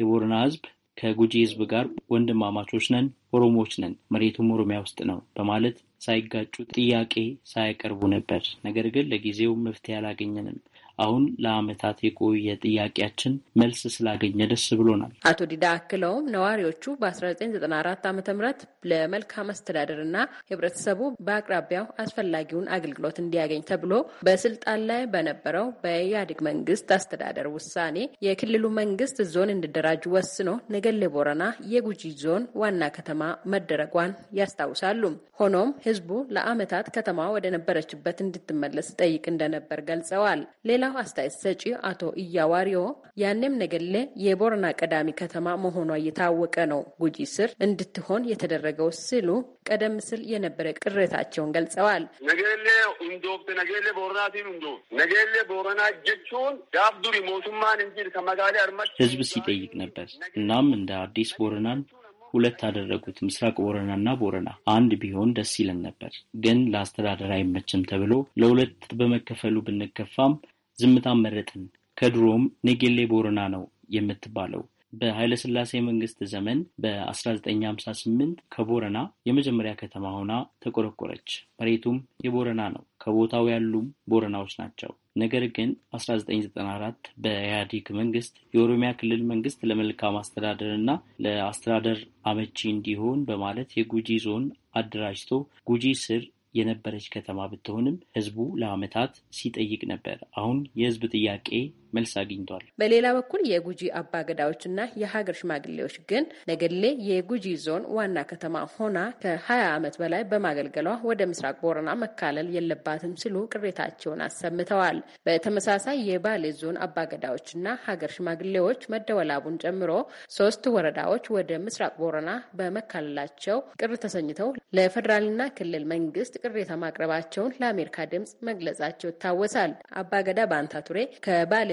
የቦረና ህዝብ ከጉጂ ህዝብ ጋር ወንድማማቾች ነን፣ ኦሮሞዎች ነን፣ መሬቱም ኦሮሚያ ውስጥ ነው በማለት ሳይጋጩ ጥያቄ ሳያቀርቡ ነበር። ነገር ግን ለጊዜው መፍትሄ አላገኘንም። አሁን ለዓመታት የቆየ ጥያቄያችን መልስ ስላገኘ ደስ ብሎናል። አቶ ዲዳ አክለውም ነዋሪዎቹ በ1994 ዓ ም ለመልካም እና ህብረተሰቡ በአቅራቢያው አስፈላጊውን አገልግሎት እንዲያገኝ ተብሎ በስልጣን ላይ በነበረው በኢህአዴግ መንግስት አስተዳደር ውሳኔ የክልሉ መንግስት ዞን እንዲደራጅ ወስኖ ነገሌ ቦረና የጉጂ ዞን ዋና ከተማ መደረጓን ያስታውሳሉ። ሆኖም ህዝቡ ለዓመታት ከተማ ወደ ነበረችበት እንድትመለስ ጠይቅ እንደነበር ገልጸዋል። ሌላው አስተያየት ሰጪ አቶ እያዋሪዮ ያኔም ነገሌ የቦረና ቀዳሚ ከተማ መሆኗ እየታወቀ ነው ጉጂ ስር እንድትሆን የተደረገው ሲሉ ቀደም ሲል የነበረ ቅሬታቸውን ገልጸዋል። ነገሌ እንዶብት ነገሌ ቦረናቲን እንዶ ነገሌ ቦረና ጀቹን ዳብዱሪ ሞቱማን እንጂ ከመጋሌ አርመ ህዝብ ሲጠይቅ ነበር። እናም እንደ አዲስ ቦረናን ሁለት አደረጉት። ምስራቅ ቦረና ቦረናና ቦረና አንድ ቢሆን ደስ ይለን ነበር፣ ግን ለአስተዳደር አይመችም ተብሎ ለሁለት በመከፈሉ ብንከፋም ዝምታን መረጥን። ከድሮም ኔጌሌ ቦረና ነው የምትባለው። በኃይለሥላሴ መንግስት ዘመን በ1958 ከቦረና የመጀመሪያ ከተማ ሆና ተቆረቆረች። መሬቱም የቦረና ነው። ከቦታው ያሉም ቦረናዎች ናቸው። ነገር ግን 1994 በኢህአዴግ መንግስት የኦሮሚያ ክልል መንግስት ለመልካም አስተዳደር እና ለአስተዳደር አመቺ እንዲሆን በማለት የጉጂ ዞን አደራጅቶ ጉጂ ስር የነበረች ከተማ ብትሆንም ህዝቡ ለአመታት ሲጠይቅ ነበር። አሁን የህዝብ ጥያቄ መልስ አግኝቷል። በሌላ በኩል የጉጂ አባገዳዎችና የሀገር ሽማግሌዎች ግን ነገሌ የጉጂ ዞን ዋና ከተማ ሆና ከሀያ ዓመት በላይ በማገልገሏ ወደ ምስራቅ ቦረና መካለል የለባትም ሲሉ ቅሬታቸውን አሰምተዋል። በተመሳሳይ የባሌ ዞን አባገዳዎችና ሀገር ሽማግሌዎች መደወላቡን ጨምሮ ሶስት ወረዳዎች ወደ ምስራቅ ቦረና በመካለላቸው ቅር ተሰኝተው ለፌዴራልና ክልል መንግስት ቅሬታ ማቅረባቸውን ለአሜሪካ ድምጽ መግለጻቸው ይታወሳል። አባገዳ በአንታ ከባሌ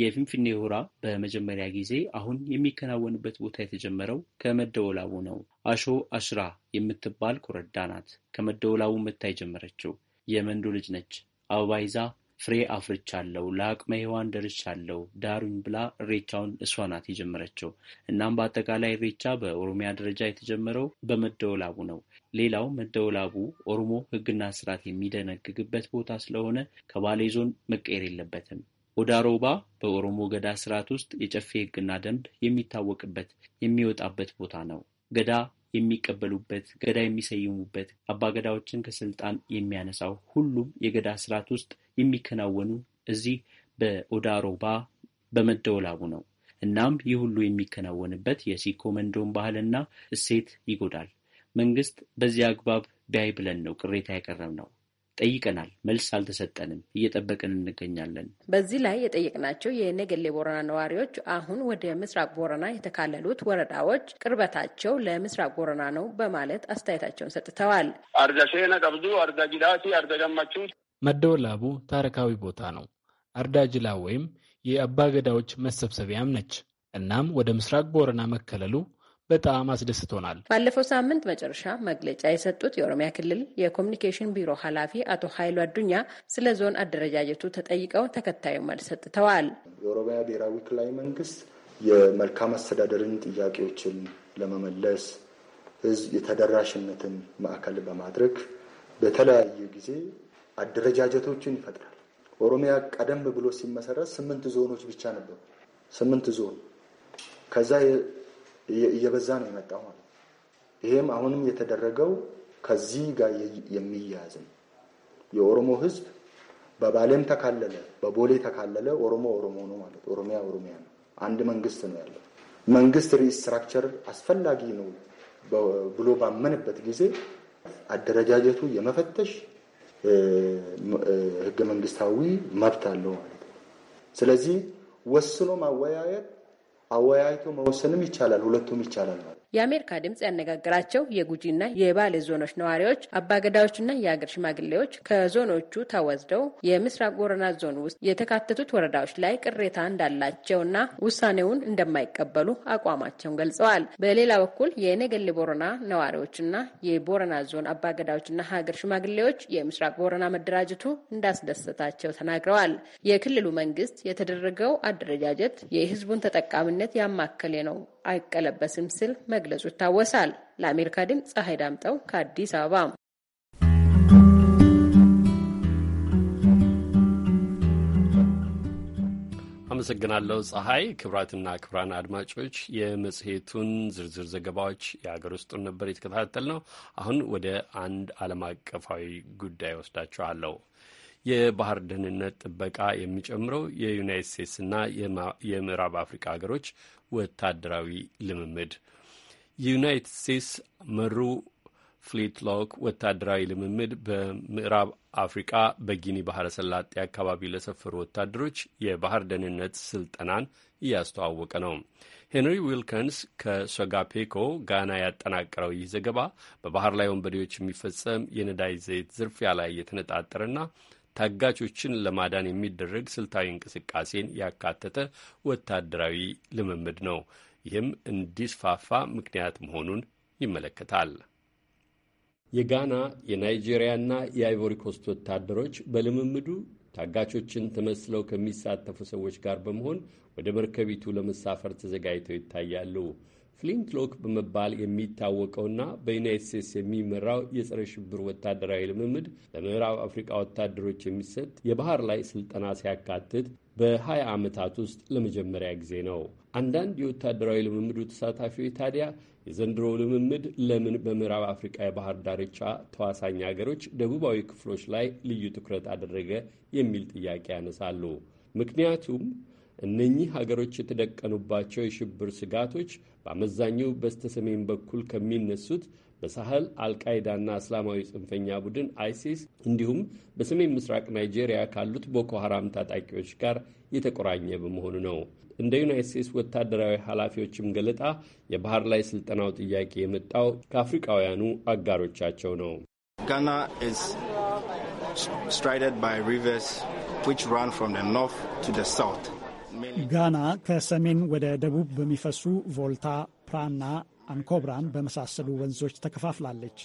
የፊንፊኔ ሁራ በመጀመሪያ ጊዜ አሁን የሚከናወንበት ቦታ የተጀመረው ከመደወላቡ ነው። አሾ አሽራ የምትባል ኮረዳ ናት ከመደወላቡ መታ የጀመረችው። የመንዶ ልጅ ነች። አበባ ይዛ ፍሬ አፍርቻለሁ፣ ለአቅመ ሔዋን ደርሻለሁ፣ ዳሩኝ ብላ እሬቻውን እሷ ናት የጀመረችው። እናም በአጠቃላይ እሬቻ በኦሮሚያ ደረጃ የተጀመረው በመደወላቡ ነው። ሌላው መደወላቡ ኦሮሞ ሕግና ስርዓት የሚደነግግበት ቦታ ስለሆነ ከባሌ ዞን መቀየር የለበትም። ኦዳሮባ በኦሮሞ ገዳ ስርዓት ውስጥ የጨፌ ህግና ደንብ የሚታወቅበት የሚወጣበት ቦታ ነው። ገዳ የሚቀበሉበት ገዳ የሚሰይሙበት አባገዳዎችን ከስልጣን የሚያነሳው ሁሉም የገዳ ስርዓት ውስጥ የሚከናወኑ እዚህ በኦዳሮባ በመደወላቡ ነው። እናም ይህ ሁሉ የሚከናወንበት የሲኮ መንዶን ባህልና እሴት ይጎዳል። መንግስት በዚህ አግባብ ቢያይ ብለን ነው ቅሬታ ያቀረብ ነው። ጠይቀናል። መልስ አልተሰጠንም። እየጠበቅን እንገኛለን። በዚህ ላይ የጠየቅናቸው የነገሌ ቦረና ነዋሪዎች አሁን ወደ ምስራቅ ቦረና የተካለሉት ወረዳዎች ቅርበታቸው ለምስራቅ ቦረና ነው በማለት አስተያየታቸውን ሰጥተዋል። አርዳሸና ቀብዱ፣ አርዳ ጅዳቲ፣ አርዳ ገማቹ መደወላቡ ታሪካዊ ቦታ ነው። አርዳ ጅላ ወይም የአባገዳዎች መሰብሰቢያም ነች። እናም ወደ ምስራቅ ቦረና መከለሉ በጣም አስደስቶናል። ባለፈው ሳምንት መጨረሻ መግለጫ የሰጡት የኦሮሚያ ክልል የኮሚኒኬሽን ቢሮ ኃላፊ አቶ ኃይሉ አዱኛ ስለ ዞን አደረጃጀቱ ተጠይቀው ተከታዩ መልስ ሰጥተዋል። የኦሮሚያ ብሔራዊ ክልላዊ መንግስት የመልካም አስተዳደርን ጥያቄዎችን ለመመለስ ህዝብ የተደራሽነትን ማዕከል በማድረግ በተለያየ ጊዜ አደረጃጀቶችን ይፈጥራል። ኦሮሚያ ቀደም ብሎ ሲመሰረት ስምንት ዞኖች ብቻ ነበሩ። ስምንት ዞን ከዛ እየበዛ ነው የመጣው ማለት ነው። ይሄም አሁንም የተደረገው ከዚህ ጋር የሚያያዝ ነው። የኦሮሞ ህዝብ በባሌም ተካለለ፣ በቦሌ ተካለለ፣ ኦሮሞ ኦሮሞ ነው ማለት ኦሮሚያ ኦሮሚያ ነው። አንድ መንግስት ነው ያለው። መንግስት ሪስትራክቸር አስፈላጊ ነው ብሎ ባመንበት ጊዜ አደረጃጀቱ የመፈተሽ ህገ መንግስታዊ መብት አለው ማለት ነው። ስለዚህ ወስኖ ማወያየት አወያይቶ መወሰንም ይቻላል፣ ሁለቱም ይቻላል ማለት የአሜሪካ ድምጽ ያነጋገራቸው የጉጂና የባሌ ዞኖች ነዋሪዎች፣ አባገዳዎችና የአገር ሽማግሌዎች ከዞኖቹ ተወስደው የምስራቅ ቦረና ዞን ውስጥ የተካተቱት ወረዳዎች ላይ ቅሬታ እንዳላቸውና ውሳኔውን እንደማይቀበሉ አቋማቸውን ገልጸዋል። በሌላ በኩል የነገሌ ቦረና ነዋሪዎችና የቦረና ዞን አባገዳዎችና ሀገር ሽማግሌዎች የምስራቅ ቦረና መደራጀቱ እንዳስደሰታቸው ተናግረዋል። የክልሉ መንግስት የተደረገው አደረጃጀት የህዝቡን ተጠቃሚነት ያማከለ ነው አይቀለበስም ስል መግለጹ ይታወሳል። ለአሜሪካ ድምፅ ፀሐይ ዳምጠው ከአዲስ አበባ። አመሰግናለሁ ፀሐይ። ክብራትና ክብራን አድማጮች የመጽሔቱን ዝርዝር ዘገባዎች የሀገር ውስጡን ነበር የተከታተል ነው። አሁን ወደ አንድ ዓለም አቀፋዊ ጉዳይ ወስዳችኋለሁ። የባህር ደህንነት ጥበቃ የሚጨምረው የዩናይት ስቴትስና የምዕራብ አፍሪካ ሀገሮች ወታደራዊ ልምምድ የዩናይትድ ስቴትስ መሩ ፍሊት ሎክ ወታደራዊ ልምምድ በምዕራብ አፍሪቃ በጊኒ ባህረ ሰላጤ አካባቢ ለሰፈሩ ወታደሮች የባህር ደህንነት ስልጠናን እያስተዋወቀ ነው። ሄንሪ ዊልከንስ ከሶጋፔኮ ጋና ያጠናቀረው ይህ ዘገባ በባህር ላይ ወንበዴዎች የሚፈጸም የነዳጅ ዘይት ዝርፊያ ላይ የተነጣጠረና ታጋቾችን ለማዳን የሚደረግ ስልታዊ እንቅስቃሴን ያካተተ ወታደራዊ ልምምድ ነው። ይህም እንዲስፋፋ ምክንያት መሆኑን ይመለከታል። የጋና የናይጄሪያና የአይቮሪኮስት ወታደሮች በልምምዱ ታጋቾችን ተመስለው ከሚሳተፉ ሰዎች ጋር በመሆን ወደ መርከቢቱ ለመሳፈር ተዘጋጅተው ይታያሉ። ፍሊንትሎክ በመባል የሚታወቀውና በዩናይት ስቴትስ የሚመራው የጸረ ሽብር ወታደራዊ ልምምድ ለምዕራብ አፍሪካ ወታደሮች የሚሰጥ የባህር ላይ ስልጠና ሲያካትት በ20 ዓመታት ውስጥ ለመጀመሪያ ጊዜ ነው። አንዳንድ የወታደራዊ ልምምዱ ተሳታፊዎች ታዲያ የዘንድሮ ልምምድ ለምን በምዕራብ አፍሪካ የባህር ዳርቻ ተዋሳኝ ሀገሮች ደቡባዊ ክፍሎች ላይ ልዩ ትኩረት አደረገ የሚል ጥያቄ ያነሳሉ። ምክንያቱም እነኚህ ሀገሮች የተደቀኑባቸው የሽብር ስጋቶች በአመዛኙ በስተሰሜን በኩል ከሚነሱት በሳህል አልቃይዳና እስላማዊ ጽንፈኛ ቡድን አይሲስ እንዲሁም በሰሜን ምስራቅ ናይጄሪያ ካሉት ቦኮ ሀራም ታጣቂዎች ጋር የተቆራኘ በመሆኑ ነው። እንደ ዩናይት ስቴትስ ወታደራዊ ኃላፊዎችም ገለጣ የባህር ላይ ስልጠናው ጥያቄ የመጣው ከአፍሪቃውያኑ አጋሮቻቸው ነው። ጋና ኢዝ ስትራይደድ ባይ ሪቨርስ ዊች ራን ፍሮም ዘ ኖርዝ ቱ ዘ ሳውዝ ጋና ከሰሜን ወደ ደቡብ በሚፈሱ ቮልታ፣ ፕራና፣ አንኮብራን በመሳሰሉ ወንዞች ተከፋፍላለች።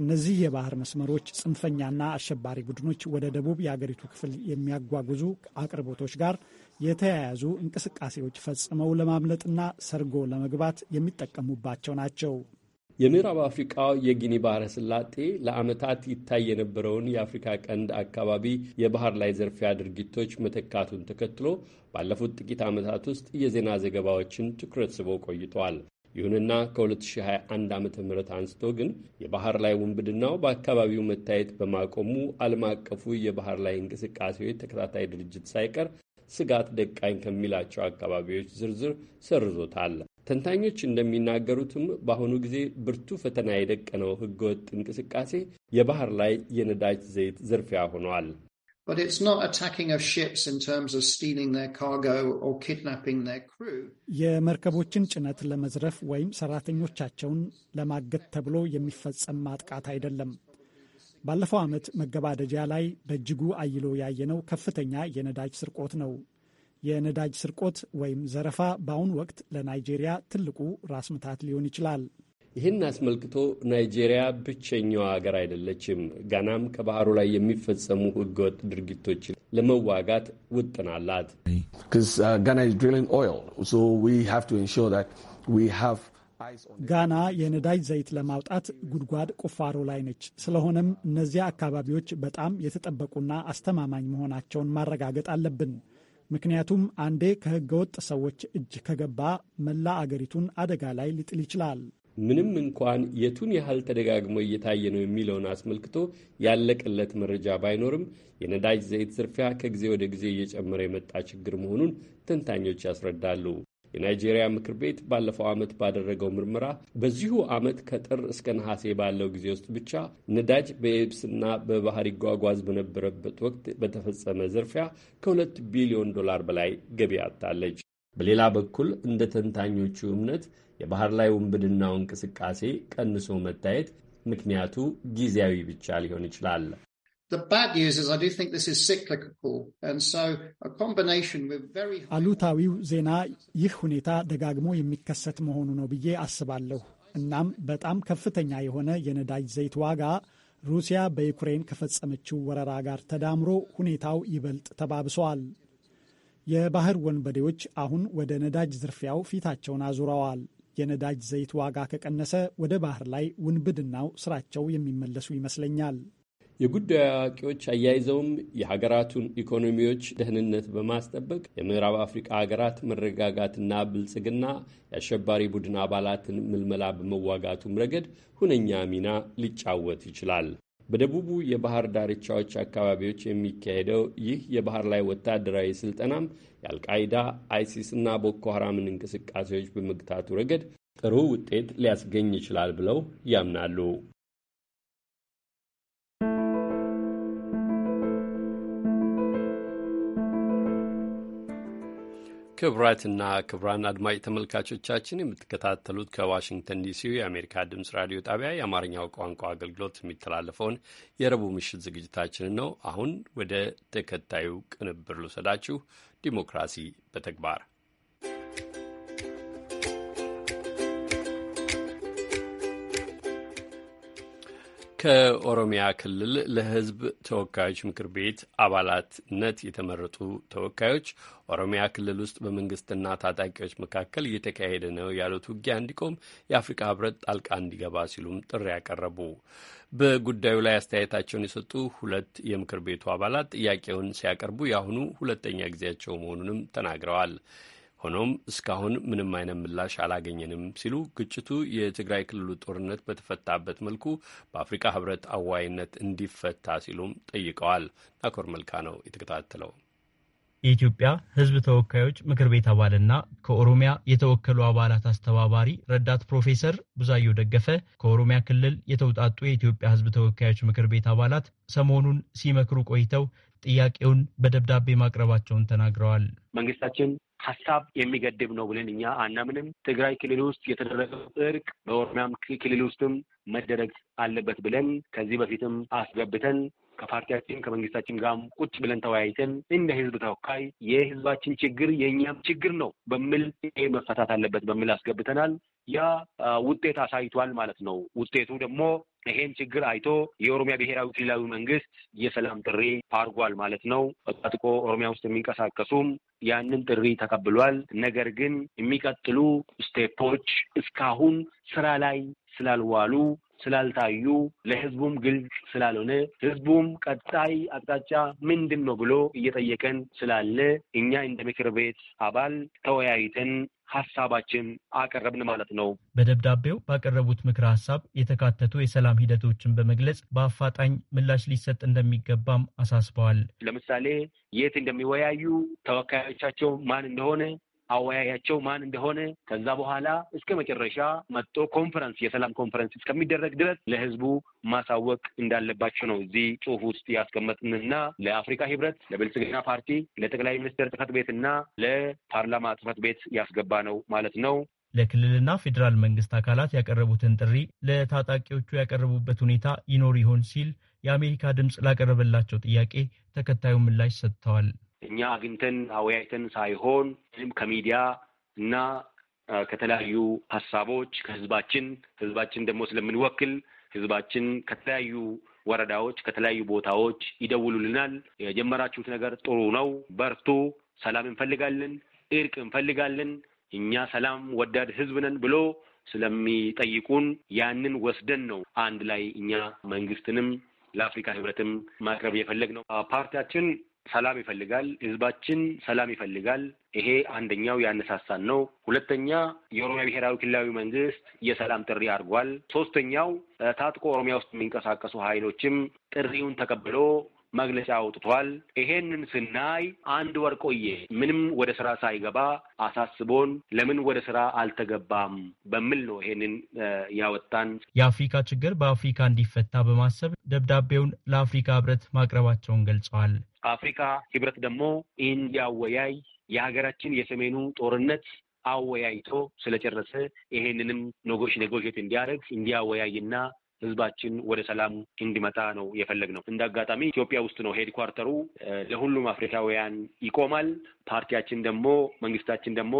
እነዚህ የባህር መስመሮች ጽንፈኛና አሸባሪ ቡድኖች ወደ ደቡብ የአገሪቱ ክፍል የሚያጓጉዙ አቅርቦቶች ጋር የተያያዙ እንቅስቃሴዎች ፈጽመው ለማምለጥና ሰርጎ ለመግባት የሚጠቀሙባቸው ናቸው። የምዕራብ አፍሪቃ የጊኒ ባህረ ስላጤ ለዓመታት ይታይ የነበረውን የአፍሪካ ቀንድ አካባቢ የባህር ላይ ዘርፊያ ድርጊቶች መተካቱን ተከትሎ ባለፉት ጥቂት ዓመታት ውስጥ የዜና ዘገባዎችን ትኩረት ስበው ቆይተዋል። ይሁንና ከ2021 ዓ ም አንስቶ ግን የባህር ላይ ውንብድናው በአካባቢው መታየት በማቆሙ ዓለም አቀፉ የባህር ላይ እንቅስቃሴዎች ተከታታይ ድርጅት ሳይቀር ስጋት ደቃኝ ከሚላቸው አካባቢዎች ዝርዝር ሰርዞታል። ተንታኞች እንደሚናገሩትም በአሁኑ ጊዜ ብርቱ ፈተና የደቀነው ህገወጥ እንቅስቃሴ የባህር ላይ የነዳጅ ዘይት ዝርፊያ ሆኗል። የመርከቦችን ጭነት ለመዝረፍ ወይም ሰራተኞቻቸውን ለማገት ተብሎ የሚፈጸም ማጥቃት አይደለም። ባለፈው ዓመት መገባደጃ ላይ በእጅጉ አይሎ ያየነው ከፍተኛ የነዳጅ ስርቆት ነው። የነዳጅ ስርቆት ወይም ዘረፋ በአሁኑ ወቅት ለናይጄሪያ ትልቁ ራስ ምታት ሊሆን ይችላል። ይህን አስመልክቶ ናይጄሪያ ብቸኛዋ ሀገር አይደለችም። ጋናም ከባህሩ ላይ የሚፈጸሙ ህገወጥ ድርጊቶች ለመዋጋት ውጥን አላት። uh, ጋና የነዳጅ ዘይት ለማውጣት ጉድጓድ ቁፋሮ ላይ ነች። ስለሆነም እነዚያ አካባቢዎች በጣም የተጠበቁና አስተማማኝ መሆናቸውን ማረጋገጥ አለብን። ምክንያቱም አንዴ ከህገወጥ ሰዎች እጅ ከገባ መላ አገሪቱን አደጋ ላይ ሊጥል ይችላል። ምንም እንኳን የቱን ያህል ተደጋግሞ እየታየ ነው የሚለውን አስመልክቶ ያለቀለት መረጃ ባይኖርም የነዳጅ ዘይት ዝርፊያ ከጊዜ ወደ ጊዜ እየጨመረ የመጣ ችግር መሆኑን ተንታኞች ያስረዳሉ። የናይጄሪያ ምክር ቤት ባለፈው ዓመት ባደረገው ምርመራ በዚሁ ዓመት ከጥር እስከ ነሐሴ ባለው ጊዜ ውስጥ ብቻ ነዳጅ በየብስና በባህር ይጓጓዝ በነበረበት ወቅት በተፈጸመ ዘርፊያ ከሁለት ቢሊዮን ዶላር በላይ ገቢ አጣለች። በሌላ በኩል እንደ ተንታኞቹ እምነት የባህር ላይ ውንብድናው እንቅስቃሴ ቀንሶ መታየት ምክንያቱ ጊዜያዊ ብቻ ሊሆን ይችላል። አሉታዊው ዜና ይህ ሁኔታ ደጋግሞ የሚከሰት መሆኑ ነው ብዬ አስባለሁ። እናም በጣም ከፍተኛ የሆነ የነዳጅ ዘይት ዋጋ ሩሲያ በዩክሬን ከፈጸመችው ወረራ ጋር ተዳምሮ ሁኔታው ይበልጥ ተባብሰዋል። የባህር ወንበዴዎች አሁን ወደ ነዳጅ ዝርፊያው ፊታቸውን አዙረዋል። የነዳጅ ዘይት ዋጋ ከቀነሰ ወደ ባህር ላይ ውንብድናው ስራቸው የሚመለሱ ይመስለኛል። የጉዳዩ አዋቂዎች አያይዘውም የሀገራቱን ኢኮኖሚዎች ደህንነት በማስጠበቅ የምዕራብ አፍሪካ ሀገራት መረጋጋትና ብልጽግና የአሸባሪ ቡድን አባላትን ምልመላ በመዋጋቱም ረገድ ሁነኛ ሚና ሊጫወት ይችላል። በደቡቡ የባህር ዳርቻዎች አካባቢዎች የሚካሄደው ይህ የባህር ላይ ወታደራዊ ስልጠናም የአልቃይዳ አይሲስ እና ቦኮ ሐራምን እንቅስቃሴዎች በመግታቱ ረገድ ጥሩ ውጤት ሊያስገኝ ይችላል ብለው ያምናሉ። ክቡራትና ክቡራን አድማጭ ተመልካቾቻችን የምትከታተሉት ከዋሽንግተን ዲሲ የአሜሪካ ድምፅ ራዲዮ ጣቢያ የአማርኛው ቋንቋ አገልግሎት የሚተላለፈውን የረቡዕ ምሽት ዝግጅታችንን ነው። አሁን ወደ ተከታዩ ቅንብር ልውሰዳችሁ። ዲሞክራሲ በተግባር ከኦሮሚያ ክልል ለሕዝብ ተወካዮች ምክር ቤት አባላትነት የተመረጡ ተወካዮች ኦሮሚያ ክልል ውስጥ በመንግስትና ታጣቂዎች መካከል እየተካሄደ ነው ያሉት ውጊያ እንዲቆም የአፍሪካ ሕብረት ጣልቃ እንዲገባ ሲሉም ጥሪ ያቀረቡ በጉዳዩ ላይ አስተያየታቸውን የሰጡ ሁለት የምክር ቤቱ አባላት ጥያቄውን ሲያቀርቡ የአሁኑ ሁለተኛ ጊዜያቸው መሆኑንም ተናግረዋል። ሆኖም እስካሁን ምንም አይነት ምላሽ አላገኘንም ሲሉ ግጭቱ የትግራይ ክልሉ ጦርነት በተፈታበት መልኩ በአፍሪካ ህብረት አዋይነት እንዲፈታ ሲሉም ጠይቀዋል። ናኮር መልካ ነው የተከታተለው። የኢትዮጵያ ሕዝብ ተወካዮች ምክር ቤት አባልና ከኦሮሚያ የተወከሉ አባላት አስተባባሪ ረዳት ፕሮፌሰር ብዙአየሁ ደገፈ ከኦሮሚያ ክልል የተውጣጡ የኢትዮጵያ ሕዝብ ተወካዮች ምክር ቤት አባላት ሰሞኑን ሲመክሩ ቆይተው ጥያቄውን በደብዳቤ ማቅረባቸውን ተናግረዋል። መንግስታችን ሀሳብ የሚገድብ ነው ብለን እኛ አናምንም። ትግራይ ክልል ውስጥ የተደረገው እርቅ በኦሮሚያም ክልል ውስጥም መደረግ አለበት ብለን ከዚህ በፊትም አስገብተን ከፓርቲያችን ከመንግስታችን ጋር ቁጭ ብለን ተወያይተን እንደ ህዝብ ተወካይ የህዝባችን ችግር የእኛም ችግር ነው በሚል መፈታት አለበት በሚል አስገብተናል። ያ ውጤት አሳይቷል ማለት ነው። ውጤቱ ደግሞ ይሄን ችግር አይቶ የኦሮሚያ ብሔራዊ ክልላዊ መንግስት የሰላም ጥሪ አድርጓል ማለት ነው። ጣጥቆ ኦሮሚያ ውስጥ የሚንቀሳቀሱም ያንን ጥሪ ተቀብሏል። ነገር ግን የሚቀጥሉ ስቴፖች እስካሁን ስራ ላይ ስላልዋሉ ስላልታዩ ለህዝቡም ግልጽ ስላልሆነ ህዝቡም ቀጣይ አቅጣጫ ምንድን ነው ብሎ እየጠየቀን ስላለ እኛ እንደ ምክር ቤት አባል ተወያይተን ሀሳባችን አቀረብን ማለት ነው። በደብዳቤው ባቀረቡት ምክረ ሀሳብ የተካተቱ የሰላም ሂደቶችን በመግለጽ በአፋጣኝ ምላሽ ሊሰጥ እንደሚገባም አሳስበዋል። ለምሳሌ የት እንደሚወያዩ ተወካዮቻቸው ማን እንደሆነ አወያያቸው ማን እንደሆነ ከዛ በኋላ እስከ መጨረሻ መጥቶ ኮንፈረንስ የሰላም ኮንፈረንስ እስከሚደረግ ድረስ ለህዝቡ ማሳወቅ እንዳለባቸው ነው እዚህ ጽሁፍ ውስጥ ያስቀመጥንና ለአፍሪካ ህብረት፣ ለብልጽግና ፓርቲ፣ ለጠቅላይ ሚኒስትር ጽህፈት ቤትና ለፓርላማ ጽህፈት ቤት ያስገባ ነው ማለት ነው። ለክልልና ፌዴራል መንግስት አካላት ያቀረቡትን ጥሪ ለታጣቂዎቹ ያቀረቡበት ሁኔታ ይኖር ይሆን ሲል የአሜሪካ ድምፅ ላቀረበላቸው ጥያቄ ተከታዩ ምላሽ ሰጥተዋል። እኛ አግኝተን አወያይተን ሳይሆን ከሚዲያ እና ከተለያዩ ሀሳቦች ከህዝባችን ህዝባችን ደግሞ ስለምንወክል ህዝባችን ከተለያዩ ወረዳዎች ከተለያዩ ቦታዎች ይደውሉልናል። የጀመራችሁት ነገር ጥሩ ነው፣ በርቱ፣ ሰላም እንፈልጋለን፣ እርቅ እንፈልጋለን፣ እኛ ሰላም ወዳድ ህዝብ ነን ብሎ ስለሚጠይቁን ያንን ወስደን ነው አንድ ላይ እኛ መንግስትንም ለአፍሪካ ህብረትም ማቅረብ የፈለግ ነው ፓርቲያችን ሰላም ይፈልጋል። ህዝባችን ሰላም ይፈልጋል። ይሄ አንደኛው ያነሳሳን ነው። ሁለተኛ የኦሮሚያ ብሔራዊ ክልላዊ መንግስት የሰላም ጥሪ አድርጓል። ሶስተኛው ታጥቆ ኦሮሚያ ውስጥ የሚንቀሳቀሱ ኃይሎችም ጥሪውን ተቀብሎ መግለጫ አውጥቷል። ይሄንን ስናይ አንድ ወር ቆየ፣ ምንም ወደ ስራ ሳይገባ አሳስቦን ለምን ወደ ስራ አልተገባም በሚል ነው ይሄንን ያወጣን። የአፍሪካ ችግር በአፍሪካ እንዲፈታ በማሰብ ደብዳቤውን ለአፍሪካ ህብረት ማቅረባቸውን ገልጸዋል። አፍሪካ ህብረት ደግሞ እንዲያወያይ የሀገራችን የሰሜኑ ጦርነት አወያይቶ ስለጨረሰ ይሄንንም ኔጎሽት እንዲያደርግ እንዲያወያይና ህዝባችን ወደ ሰላም እንዲመጣ ነው የፈለግ ነው። እንደ አጋጣሚ ኢትዮጵያ ውስጥ ነው ሄድኳርተሩ። ለሁሉም አፍሪካውያን ይቆማል። ፓርቲያችን ደግሞ መንግስታችን ደግሞ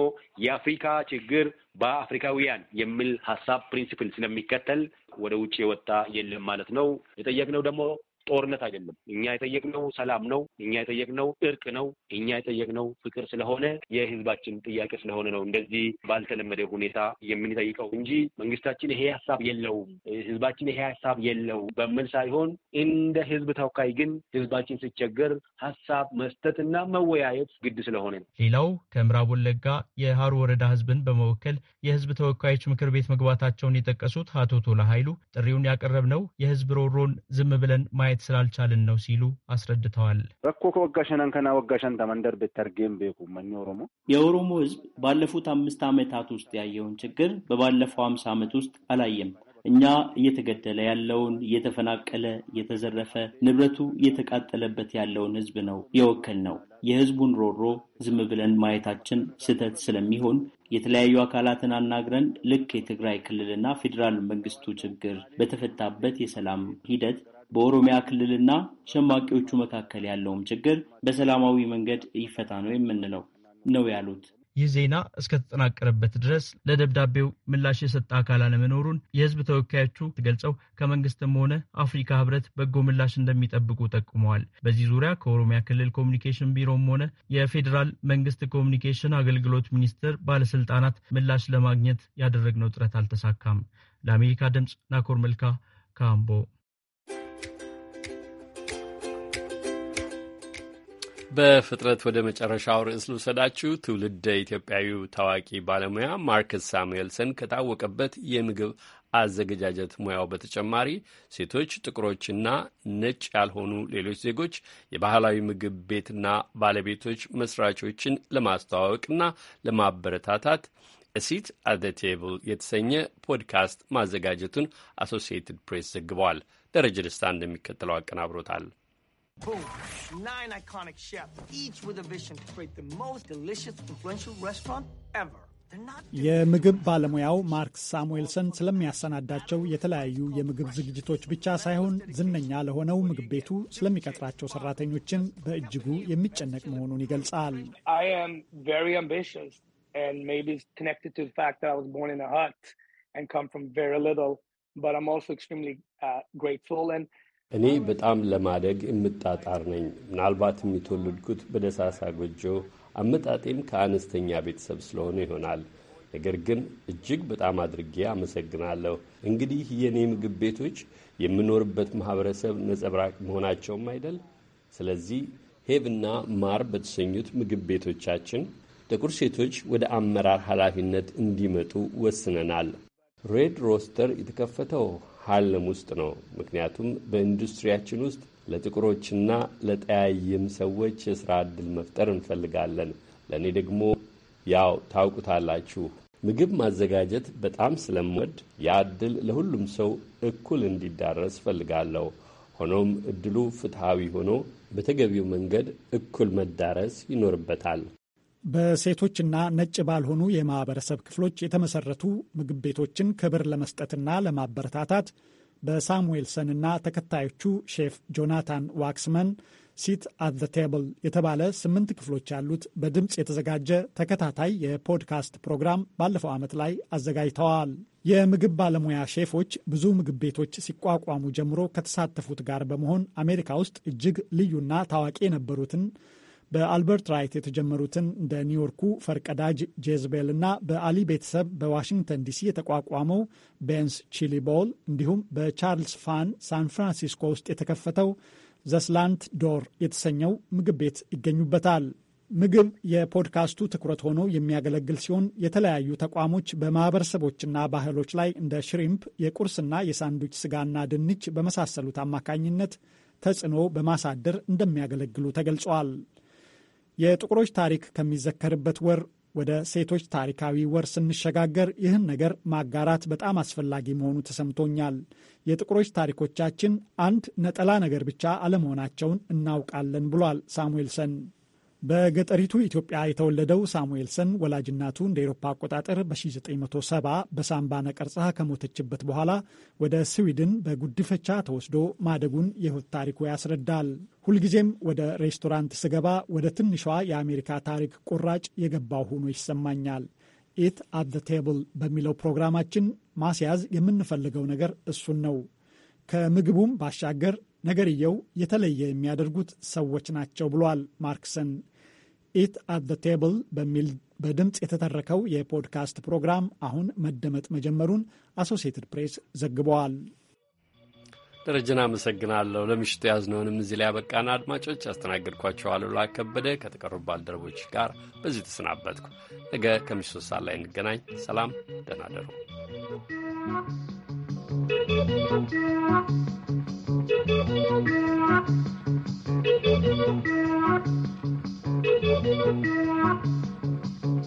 የአፍሪካ ችግር በአፍሪካውያን የሚል ሀሳብ ፕሪንሲፕል ስለሚከተል ወደ ውጭ የወጣ የለም ማለት ነው። የጠየቅነው ደግሞ ጦርነት አይደለም። እኛ የጠየቅነው ሰላም ነው። እኛ የጠየቅነው እርቅ ነው። እኛ የጠየቅነው ፍቅር ስለሆነ የህዝባችን ጥያቄ ስለሆነ ነው እንደዚህ ባልተለመደ ሁኔታ የምንጠይቀው እንጂ መንግስታችን ይሄ ሀሳብ የለውም፣ ህዝባችን ይሄ ሀሳብ የለው በሚል ሳይሆን እንደ ህዝብ ተወካይ ግን ህዝባችን ሲቸገር ሀሳብ መስጠትና መወያየት ግድ ስለሆነ ነው። ሌላው ከምዕራብ ወለጋ የሀሩ ወረዳ ህዝብን በመወከል የህዝብ ተወካዮች ምክር ቤት መግባታቸውን የጠቀሱት አቶ ቶላ ኃይሉ ጥሪውን ያቀረብነው የህዝብ ሮሮን ዝም ብለን ማ ማየት ስላልቻልን ነው ሲሉ አስረድተዋል። ረኮ ከወጋሸናን ከና ወጋሸን ተመንደር ቤተርጌም ቤኩ መኝ ኦሮሞ የኦሮሞ ህዝብ ባለፉት አምስት ዓመታት ውስጥ ያየውን ችግር በባለፈው አምስት ዓመት ውስጥ አላየም። እኛ እየተገደለ ያለውን እየተፈናቀለ እየተዘረፈ ንብረቱ እየተቃጠለበት ያለውን ህዝብ ነው የወከል ነው። የህዝቡን ሮሮ ዝም ብለን ማየታችን ስህተት ስለሚሆን የተለያዩ አካላትን አናግረን ልክ የትግራይ ክልልና ፌዴራል መንግስቱ ችግር በተፈታበት የሰላም ሂደት በኦሮሚያ ክልልና ሸማቂዎቹ መካከል ያለውም ችግር በሰላማዊ መንገድ ይፈታ ነው የምንለው ነው ያሉት። ይህ ዜና እስከተጠናቀረበት ድረስ ለደብዳቤው ምላሽ የሰጠ አካል አለመኖሩን የህዝብ ተወካዮቹ ገልጸው ከመንግስትም ሆነ አፍሪካ ህብረት በጎ ምላሽ እንደሚጠብቁ ጠቁመዋል። በዚህ ዙሪያ ከኦሮሚያ ክልል ኮሚኒኬሽን ቢሮም ሆነ የፌዴራል መንግስት ኮሚኒኬሽን አገልግሎት ሚኒስቴር ባለስልጣናት ምላሽ ለማግኘት ያደረግነው ጥረት አልተሳካም። ለአሜሪካ ድምፅ ናኮር መልካ ካምቦ በፍጥረት ወደ መጨረሻው ርዕስ ልውሰዳችሁ። ትውልደ ኢትዮጵያዊ ታዋቂ ባለሙያ ማርክስ ሳሙኤልሰን ከታወቀበት የምግብ አዘገጃጀት ሙያው በተጨማሪ ሴቶች፣ ጥቁሮችና ነጭ ያልሆኑ ሌሎች ዜጎች የባህላዊ ምግብ ቤትና ባለቤቶች መስራቾችን ለማስተዋወቅና ለማበረታታት እሲት አት ቴብል የተሰኘ ፖድካስት ማዘጋጀቱን አሶሲየትድ ፕሬስ ዘግቧል። ደረጀ ደስታ እንደሚከተለው አቀናብሮታል። Boom. Nine iconic chefs, each with a vision to create the most delicious, influential restaurant ever. የምግብ ባለሙያው ማርክ ሳሙኤልሰን ስለሚያሰናዳቸው የተለያዩ የምግብ ዝግጅቶች ብቻ ሳይሆን ዝነኛ ለሆነው ምግብ ቤቱ ስለሚቀጥራቸው ሰራተኞችን በእጅጉ የሚጨነቅ መሆኑን ይገልጻል። and come from very little, but I'm also extremely uh, grateful and እኔ በጣም ለማደግ የምጣጣር ነኝ። ምናልባትም የተወለድኩት በደሳሳ ጎጆ፣ አመጣጤም ከአነስተኛ ቤተሰብ ስለሆነ ይሆናል። ነገር ግን እጅግ በጣም አድርጌ አመሰግናለሁ። እንግዲህ የእኔ ምግብ ቤቶች የምኖርበት ማህበረሰብ ነጸብራቅ መሆናቸውም አይደል? ስለዚህ ሄብና ማር በተሰኙት ምግብ ቤቶቻችን ጥቁር ሴቶች ወደ አመራር ኃላፊነት እንዲመጡ ወስነናል። ሬድ ሮስተር የተከፈተው ሀርለም ውስጥ ነው። ምክንያቱም በኢንዱስትሪያችን ውስጥ ለጥቁሮችና ለጠያይም ሰዎች የስራ እድል መፍጠር እንፈልጋለን። ለእኔ ደግሞ ያው ታውቁታላችሁ ምግብ ማዘጋጀት በጣም ስለምወድ ያ እድል ለሁሉም ሰው እኩል እንዲዳረስ እፈልጋለሁ። ሆኖም እድሉ ፍትሐዊ ሆኖ በተገቢው መንገድ እኩል መዳረስ ይኖርበታል። በሴቶችና ነጭ ባልሆኑ የማህበረሰብ ክፍሎች የተመሰረቱ ምግብ ቤቶችን ክብር ለመስጠትና ለማበረታታት በሳሙኤልሰንና ተከታዮቹ ሼፍ ጆናታን ዋክስመን ሲት አት ዘ ቴብል የተባለ ስምንት ክፍሎች ያሉት በድምፅ የተዘጋጀ ተከታታይ የፖድካስት ፕሮግራም ባለፈው ዓመት ላይ አዘጋጅተዋል። የምግብ ባለሙያ ሼፎች ብዙ ምግብ ቤቶች ሲቋቋሙ ጀምሮ ከተሳተፉት ጋር በመሆን አሜሪካ ውስጥ እጅግ ልዩና ታዋቂ የነበሩትን በአልበርት ራይት የተጀመሩትን እንደ ኒውዮርኩ ፈርቀዳጅ ጄዝቤል እና በአሊ ቤተሰብ በዋሽንግተን ዲሲ የተቋቋመው ቤንስ ቺሊ ቦል እንዲሁም በቻርልስ ፋን ሳን ፍራንሲስኮ ውስጥ የተከፈተው ዘስላንት ዶር የተሰኘው ምግብ ቤት ይገኙበታል። ምግብ የፖድካስቱ ትኩረት ሆኖ የሚያገለግል ሲሆን የተለያዩ ተቋሞች በማህበረሰቦችና ባህሎች ላይ እንደ ሽሪምፕ የቁርስና የሳንዱች ስጋና ድንች በመሳሰሉት አማካኝነት ተጽዕኖ በማሳደር እንደሚያገለግሉ ተገልጿል። የጥቁሮች ታሪክ ከሚዘከርበት ወር ወደ ሴቶች ታሪካዊ ወር ስንሸጋገር ይህን ነገር ማጋራት በጣም አስፈላጊ መሆኑ ተሰምቶኛል። የጥቁሮች ታሪኮቻችን አንድ ነጠላ ነገር ብቻ አለመሆናቸውን እናውቃለን ብሏል ሳሙኤልሰን። በገጠሪቱ ኢትዮጵያ የተወለደው ሳሙኤልሰን ወላጅናቱ እንደ ኤሮፓ አቆጣጠር በ1970 በሳምባ ነቀርጻ ከሞተችበት በኋላ ወደ ስዊድን በጉድፈቻ ተወስዶ ማደጉን የሕይወት ታሪኩ ያስረዳል። ሁልጊዜም ወደ ሬስቶራንት ስገባ ወደ ትንሿ የአሜሪካ ታሪክ ቁራጭ የገባው ሆኖ ይሰማኛል። ኢት አት ዘ ቴብል በሚለው ፕሮግራማችን ማስያዝ የምንፈልገው ነገር እሱን ነው። ከምግቡም ባሻገር ነገርየው የተለየ የሚያደርጉት ሰዎች ናቸው ብሏል ማርክሰን። ኢት አት ዘ ቴብል በሚል በድምፅ የተተረከው የፖድካስት ፕሮግራም አሁን መደመጥ መጀመሩን አሶሲየትድ ፕሬስ ዘግበዋል። ደረጀን አመሰግናለሁ። ለምሽቱ ያዝነውንም እዚህ ላይ ያበቃን። አድማጮች ያስተናገድኳቸው አሉላ ከበደ ከተቀሩ ባልደረቦች ጋር በዚህ ተሰናበትኩ። ነገ ከምሽቱ ሰዓት ላይ እንገናኝ። ሰላም፣ ደህና ደሩ። Música